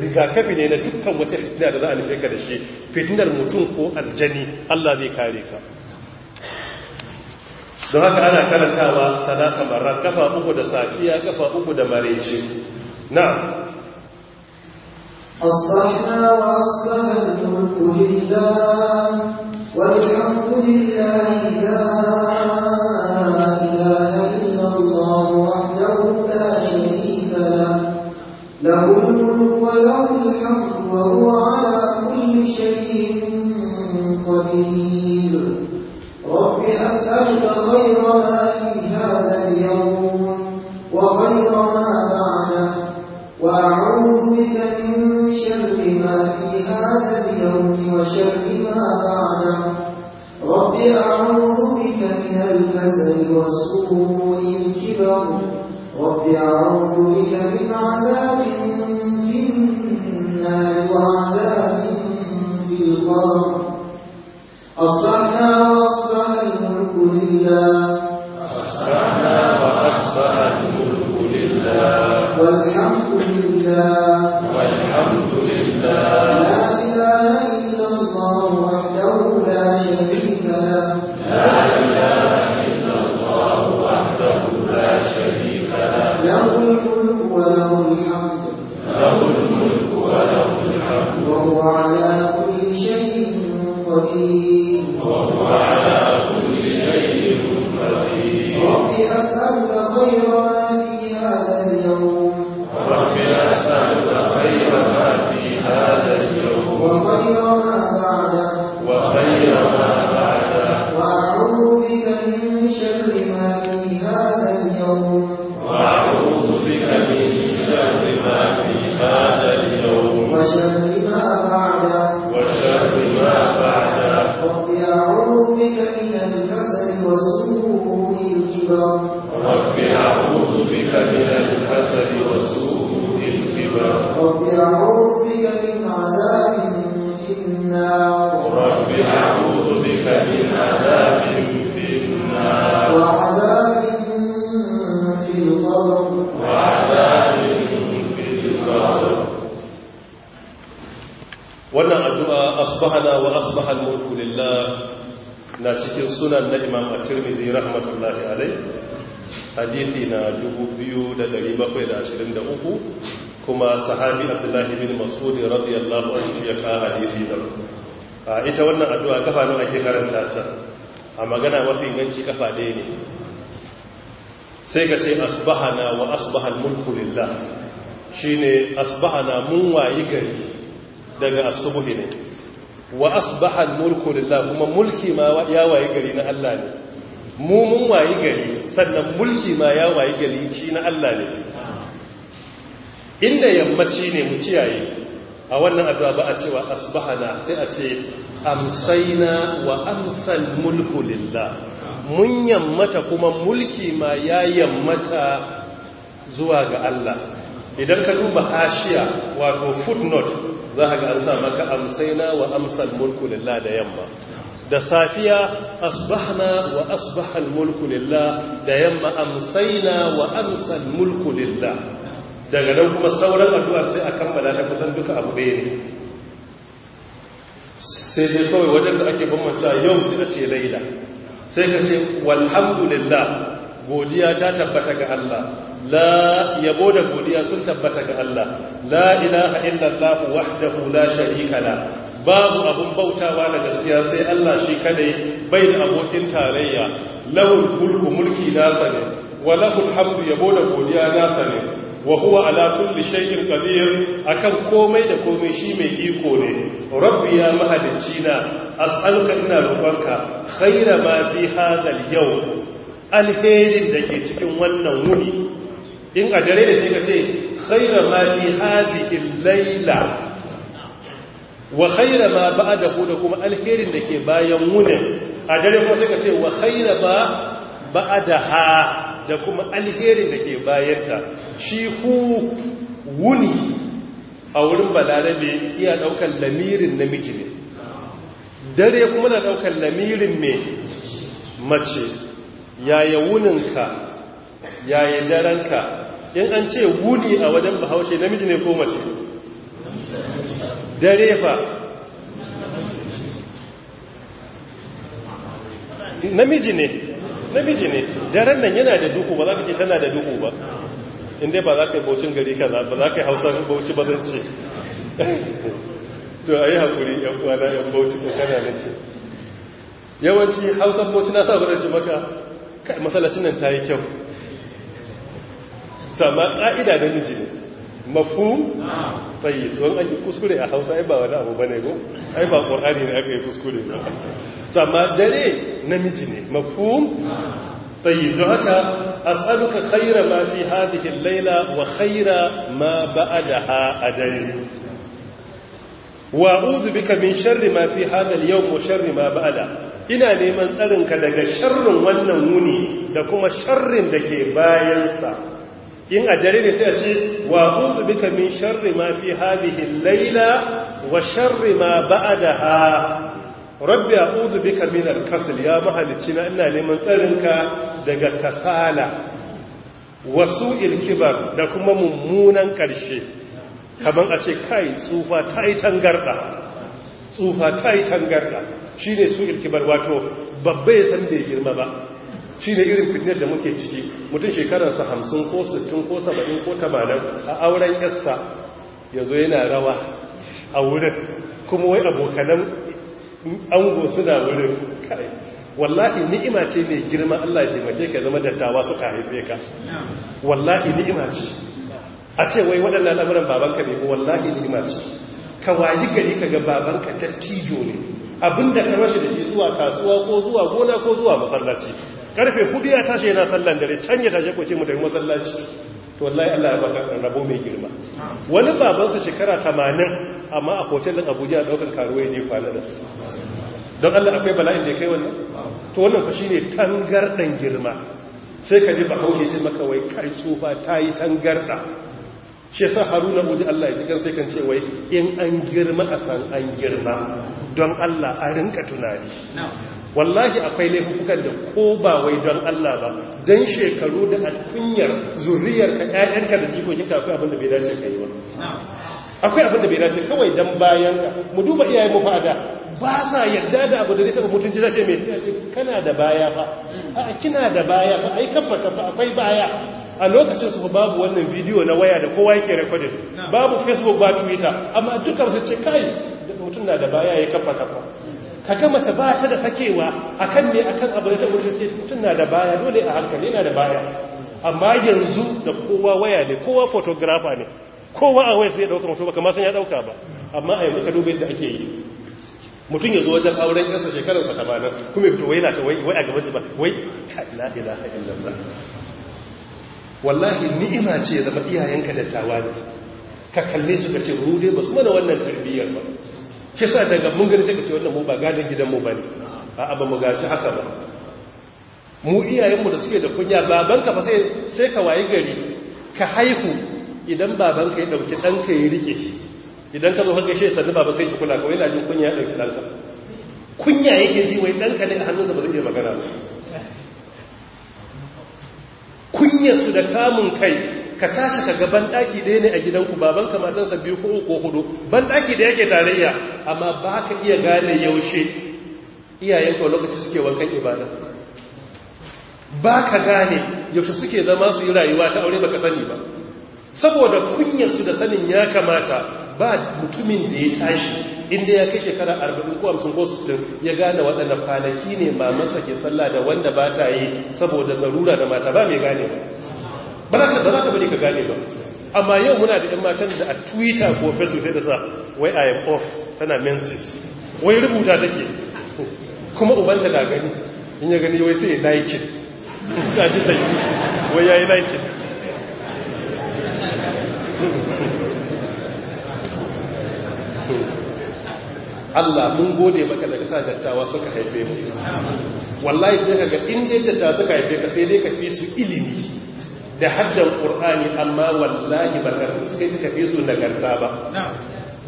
A: rigakafi ne na dukkan wata fitina da za a nufe da shi fitinar mutum ko aljani Allah zai kare ka don haka ana karantawa salasa marar kafa uku da safiya kafa uku da mareci na
B: له الحمد وهو على كل شيء قدير رب أسألك خير ما في هذا اليوم
C: وخير ما بعده وأعوذ
B: بك من شر ما في هذا اليوم وشر ما بعده رب أعوذ بك من الكسل وسوء الكبر رب أعوذ بك من عذاب رب نعوذ بك من عذاب
C: في النار وعذاب
B: في القبر وعذاب في القبر
A: wannan addu'a asbahana wa asbahal mulku lillah na cikin sunan na imam at-tirmidhi rahmatullahi alayh hadisi na 2723 kuma sahabi abdullahi bin mas'ud radiyallahu anhu ya ka hadisi da ita wannan addu'a kafa nan ake karanta ta a magana mafi ganci kafa ɗaya ne sai ka ce asbahana wa asbahal mulku lillah shine asbahana mun wayi gari daga asubuhi ne wa asbahal mulku lillah kuma mulki ma ya wayi gari na Allah ne mu mun wayi gari sannan mulki ma ya wayi gari shi na Allah ne inda yammaci ne mu kiyaye a wannan addu'a ba a cewa asbahana sai a ce amsaina wa amsal mulku lillah mun yammata kuma mulki ma ya yammata zuwa ga Allah idan ka duba hashiya wato footnote za ka ga an sa maka amsaina wa amsal mulku lillah da yamma da safiya asbahna wa asbahal mulku lillah da yamma amsaina wa amsal mulku lillah daga nan kuma sauran addu'ar sai a kammala ta kusan duka abu da ne sai dai kawai wajen da ake bambanta yau suka ce laila sai ka ce walhamdulillah godiya ta tabbata ga Allah la yabo da godiya sun tabbata ga Allah la ilaha illallah wahdahu la sharika la babu abun bautawa da gaskiya sai Allah shi kadai bai da abokin tarayya lahul mulku mulki nasa ne wa lahul hamdu yabo da godiya nasa wa huwa ala kulli shay'in qadir akan komai da komai shi mai iko ne rabbi ya mahalicci na as'aluka ina roƙonka khayra ma fi hadal yau alherin da ke cikin wannan wuni in a dare da sai ka ce khayra ma fi hadhihi laila. wa khayra ma ba'dahu da kuma alherin da ke bayan wunin a dare kuma sai ka ce wa khayra ma ba'daha da kuma alherin da ke bayanta shi ku wuni a wurin balarabe iya daukar lamirin namiji ne dare kuma na daukar lamirin mai mace yaya wuninka yaya daranka in an ce wuni a wajen bahaushe namiji ne ko mace dare fa
C: namiji ne namiji ne daren nan yana da
A: duhu ba za ka ce tana da duhu ba inda ba za ka yi baucin gari kaza ba za ka yi hausa bauchi ba zan ce to a yi haƙuri yan kwana yan bauci ko kana ce yawanci hausa bauci na sa ba zan maka masalacin nan ta yi kyau sama ƙa'ida da miji ne mafu tsayi tsohon ake kuskure a hausa ai ba wani abu bane ko ai ba ƙorani ne ake yi kuskure ba su amma dare namiji ne mafu tsayi don haka tsaruka khaira ma fi hadihin laila wa khaira ma ba a da dare wa uzu ka min sharri ma fi hadal yau ko sharri ma ba'ada ina neman tsarinka daga sharrin wannan wuni da kuma sharrin da ke bayansa in a dare ne sai a ce wa bika min sharri ma fi hadhihi laila wa sharri ma ba'daha rabbi a'udhu bika min al ya mahalicci na ina neman tsarinka daga kasala wa su'il da kuma mummunan karshe kaman a ce kai tsufa ta yi tangarda tsufa ta yi tangarda shine su'il kibar wato babba ya san bai girma ba shi ne irin fitnar da muke ciki mutum shekararsa hamsin ko sittin ko saba'in ko tamanin a auren yasa ya zo yana rawa a wurin kuma wai abokanan ango suna wurin kai wallahi ni'ima ce mai girma Allah ya taimake ka zama dattawa ka haife ka wallahi ni'ima ce a ce wai waɗannan lamuran babanka ne wallahi ni'ima ce ka wayi gari ka ga babanka tattijo ne abinda ka rashi da shi zuwa kasuwa ko zuwa gona ko zuwa masallaci karfe hudu ya tashi yana sallan dare can ya tashi ko ce mu da masallaci to wallahi Allah ya baka rabo mai girma wani baban su shekara tamanin amma a hotel Abuja a daukar karuwa je kwana da don Allah akwai bala'in da ya kai wannan to wannan fa shine tangardan girma sai ka ji bahaushe ce maka wai kai tsufa ta yi tangarda shi yasa haruna uji Allah ya jikan sai kan ce wai in an girma a san an girma don Allah a rinka tunani wallahi akwai laifukan da ko ba wai don Allah ba don shekaru da alkunyar zuriyar ka ƴaƴanka da jikokin ka akwai abin da bai dace kai ba akwai abin da bai dace kawai dan bayan ka mu duba iyaye mu fada ba sa yadda da abu da zai taɓa mutunci zace mai tace kana da baya fa a kina da baya fa ai kafa kafa akwai baya a lokacin su babu wannan bidiyo na waya da kowa yake recording babu facebook ba twitter amma dukkan su ce kai mutum na da baya ya kafa kafa ka ga mace ba ta da sakewa akan ne akan abu da tabbata sai mutum na da baya dole a hankali yana da baya amma yanzu da kowa waya ne kowa fotografa ne kowa a waya sai ya ɗauka mutum ba kamar sun ya ɗauka ba amma a yanzu ka dubai yadda ake yi mutum ya zo wajen auren yansa shekarar ta bana kuma ya fito wai lata wai wai a gaba ba wai la ilaha illallah wallahi ni'ima ce zama iyayenka dattawa ne ka kalle su ka ce rude ba su mana wannan tarbiyyar ba ke sa daga mun gani sai ka ce wannan mu ba gadin gidan ba ne a abin mu gaji haka ba mu iyayenmu da suke da kunya baban ka ba sai sai ka wayi gari ka haihu idan babanka ya dan ɗanka ya rike shi idan ka zo haka shi sannu baba sai ki kula kawai na jin kunya ya dan ɗanka
B: kunya yake ji
A: wai ɗanka ne a hannunsa ba zai iya magana ba kunyarsu da kamun kai ka tashi ka ga banɗaki ɗaya ne a gidanku baban kamatansa biyu ko uku hudu banɗaki da yake tarayya amma ba ka iya gane yaushe iyayenka lokaci suke wankan ibada ba ka gane yaushe suke zama su yi rayuwa ta aure baka sani ba saboda kunyarsu da sanin ya kamata ba mutumin da ya tashi inda ya kai shekara arba'in ko hamsin ko 60 ya gane waɗanda kwanaki ne masa ke sallah da wanda ba ta yi saboda zarura da mata ba mai gane ba
C: ba za ta bari
A: ka gane ba amma yau muna da 'yan matan da a twitter ko facebook zai da sa wai i am off tana menses wai rubuta take kuma ubanta da gani in ya gani wai sai
C: ya like it ta ji ta yi wai ya yi like it
A: Allah mun gode maka daga sa dattawa suka haife mu wallahi sai kaga in dai dattawa suka haife ka sai dai ka fi su ilimi da hajjan ƙur'ani amma wallahi barkatu sai suka fi su nagarta ba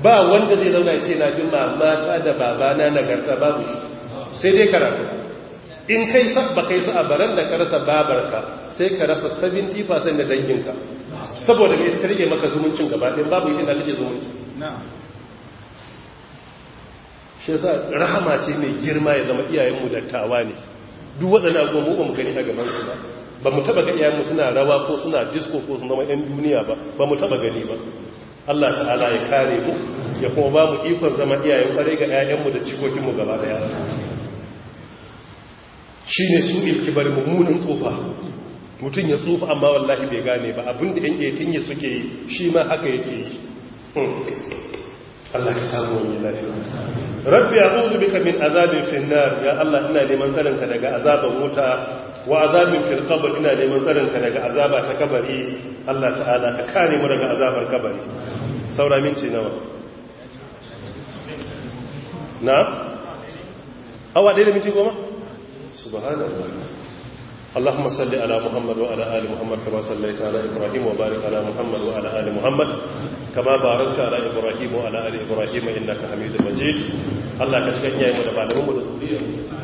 A: ba wanda zai zauna ce na jima mata da babana nagarta babu shi sai dai karatu in kai sabba kai su a baran da ka rasa babarka sai ka rasa sai da danginka saboda mai ta rage maka zumuncin gaba ɗin babu shi na rage zumunci shi sa rahama ce mai girma ya zama iyayenmu tawa ne duk waɗannan abubuwan ba mu gani a gaban su ba ba mu taba ga mu suna rawa ko suna disco ko suna yan duniya ba ba mu taba gani ba Allah ta'ala ya kare mu ya kuma ba mu ikon zama iyayen kware ga mu da mu gaba daya shine su bari mummunan tsufa mutum ya tsufa amma wallahi bai gane ba abinda yan etin ya suke yi shi ma haka yake yi hmm. Allah ka samu wani lafiya. Rabbi ya uzu bika min azabin finnar ya Allah ina neman tsarinka daga azaban wuta wa azabin fil ina neman tsarin ka daga azaba ta kabari Allah ta'ala ka kare mu daga azabar kabari saura minti nawa na awa ɗaya da minti goma subhanallah اللهم صل على محمد وعلى آل محمد كما صليت على إبراهيم وبارك على محمد وعلى آل محمد كما باركت على إبراهيم وعلى آل إبراهيم إنك حميد
C: مجيد الله كشكين mu مدبع لهم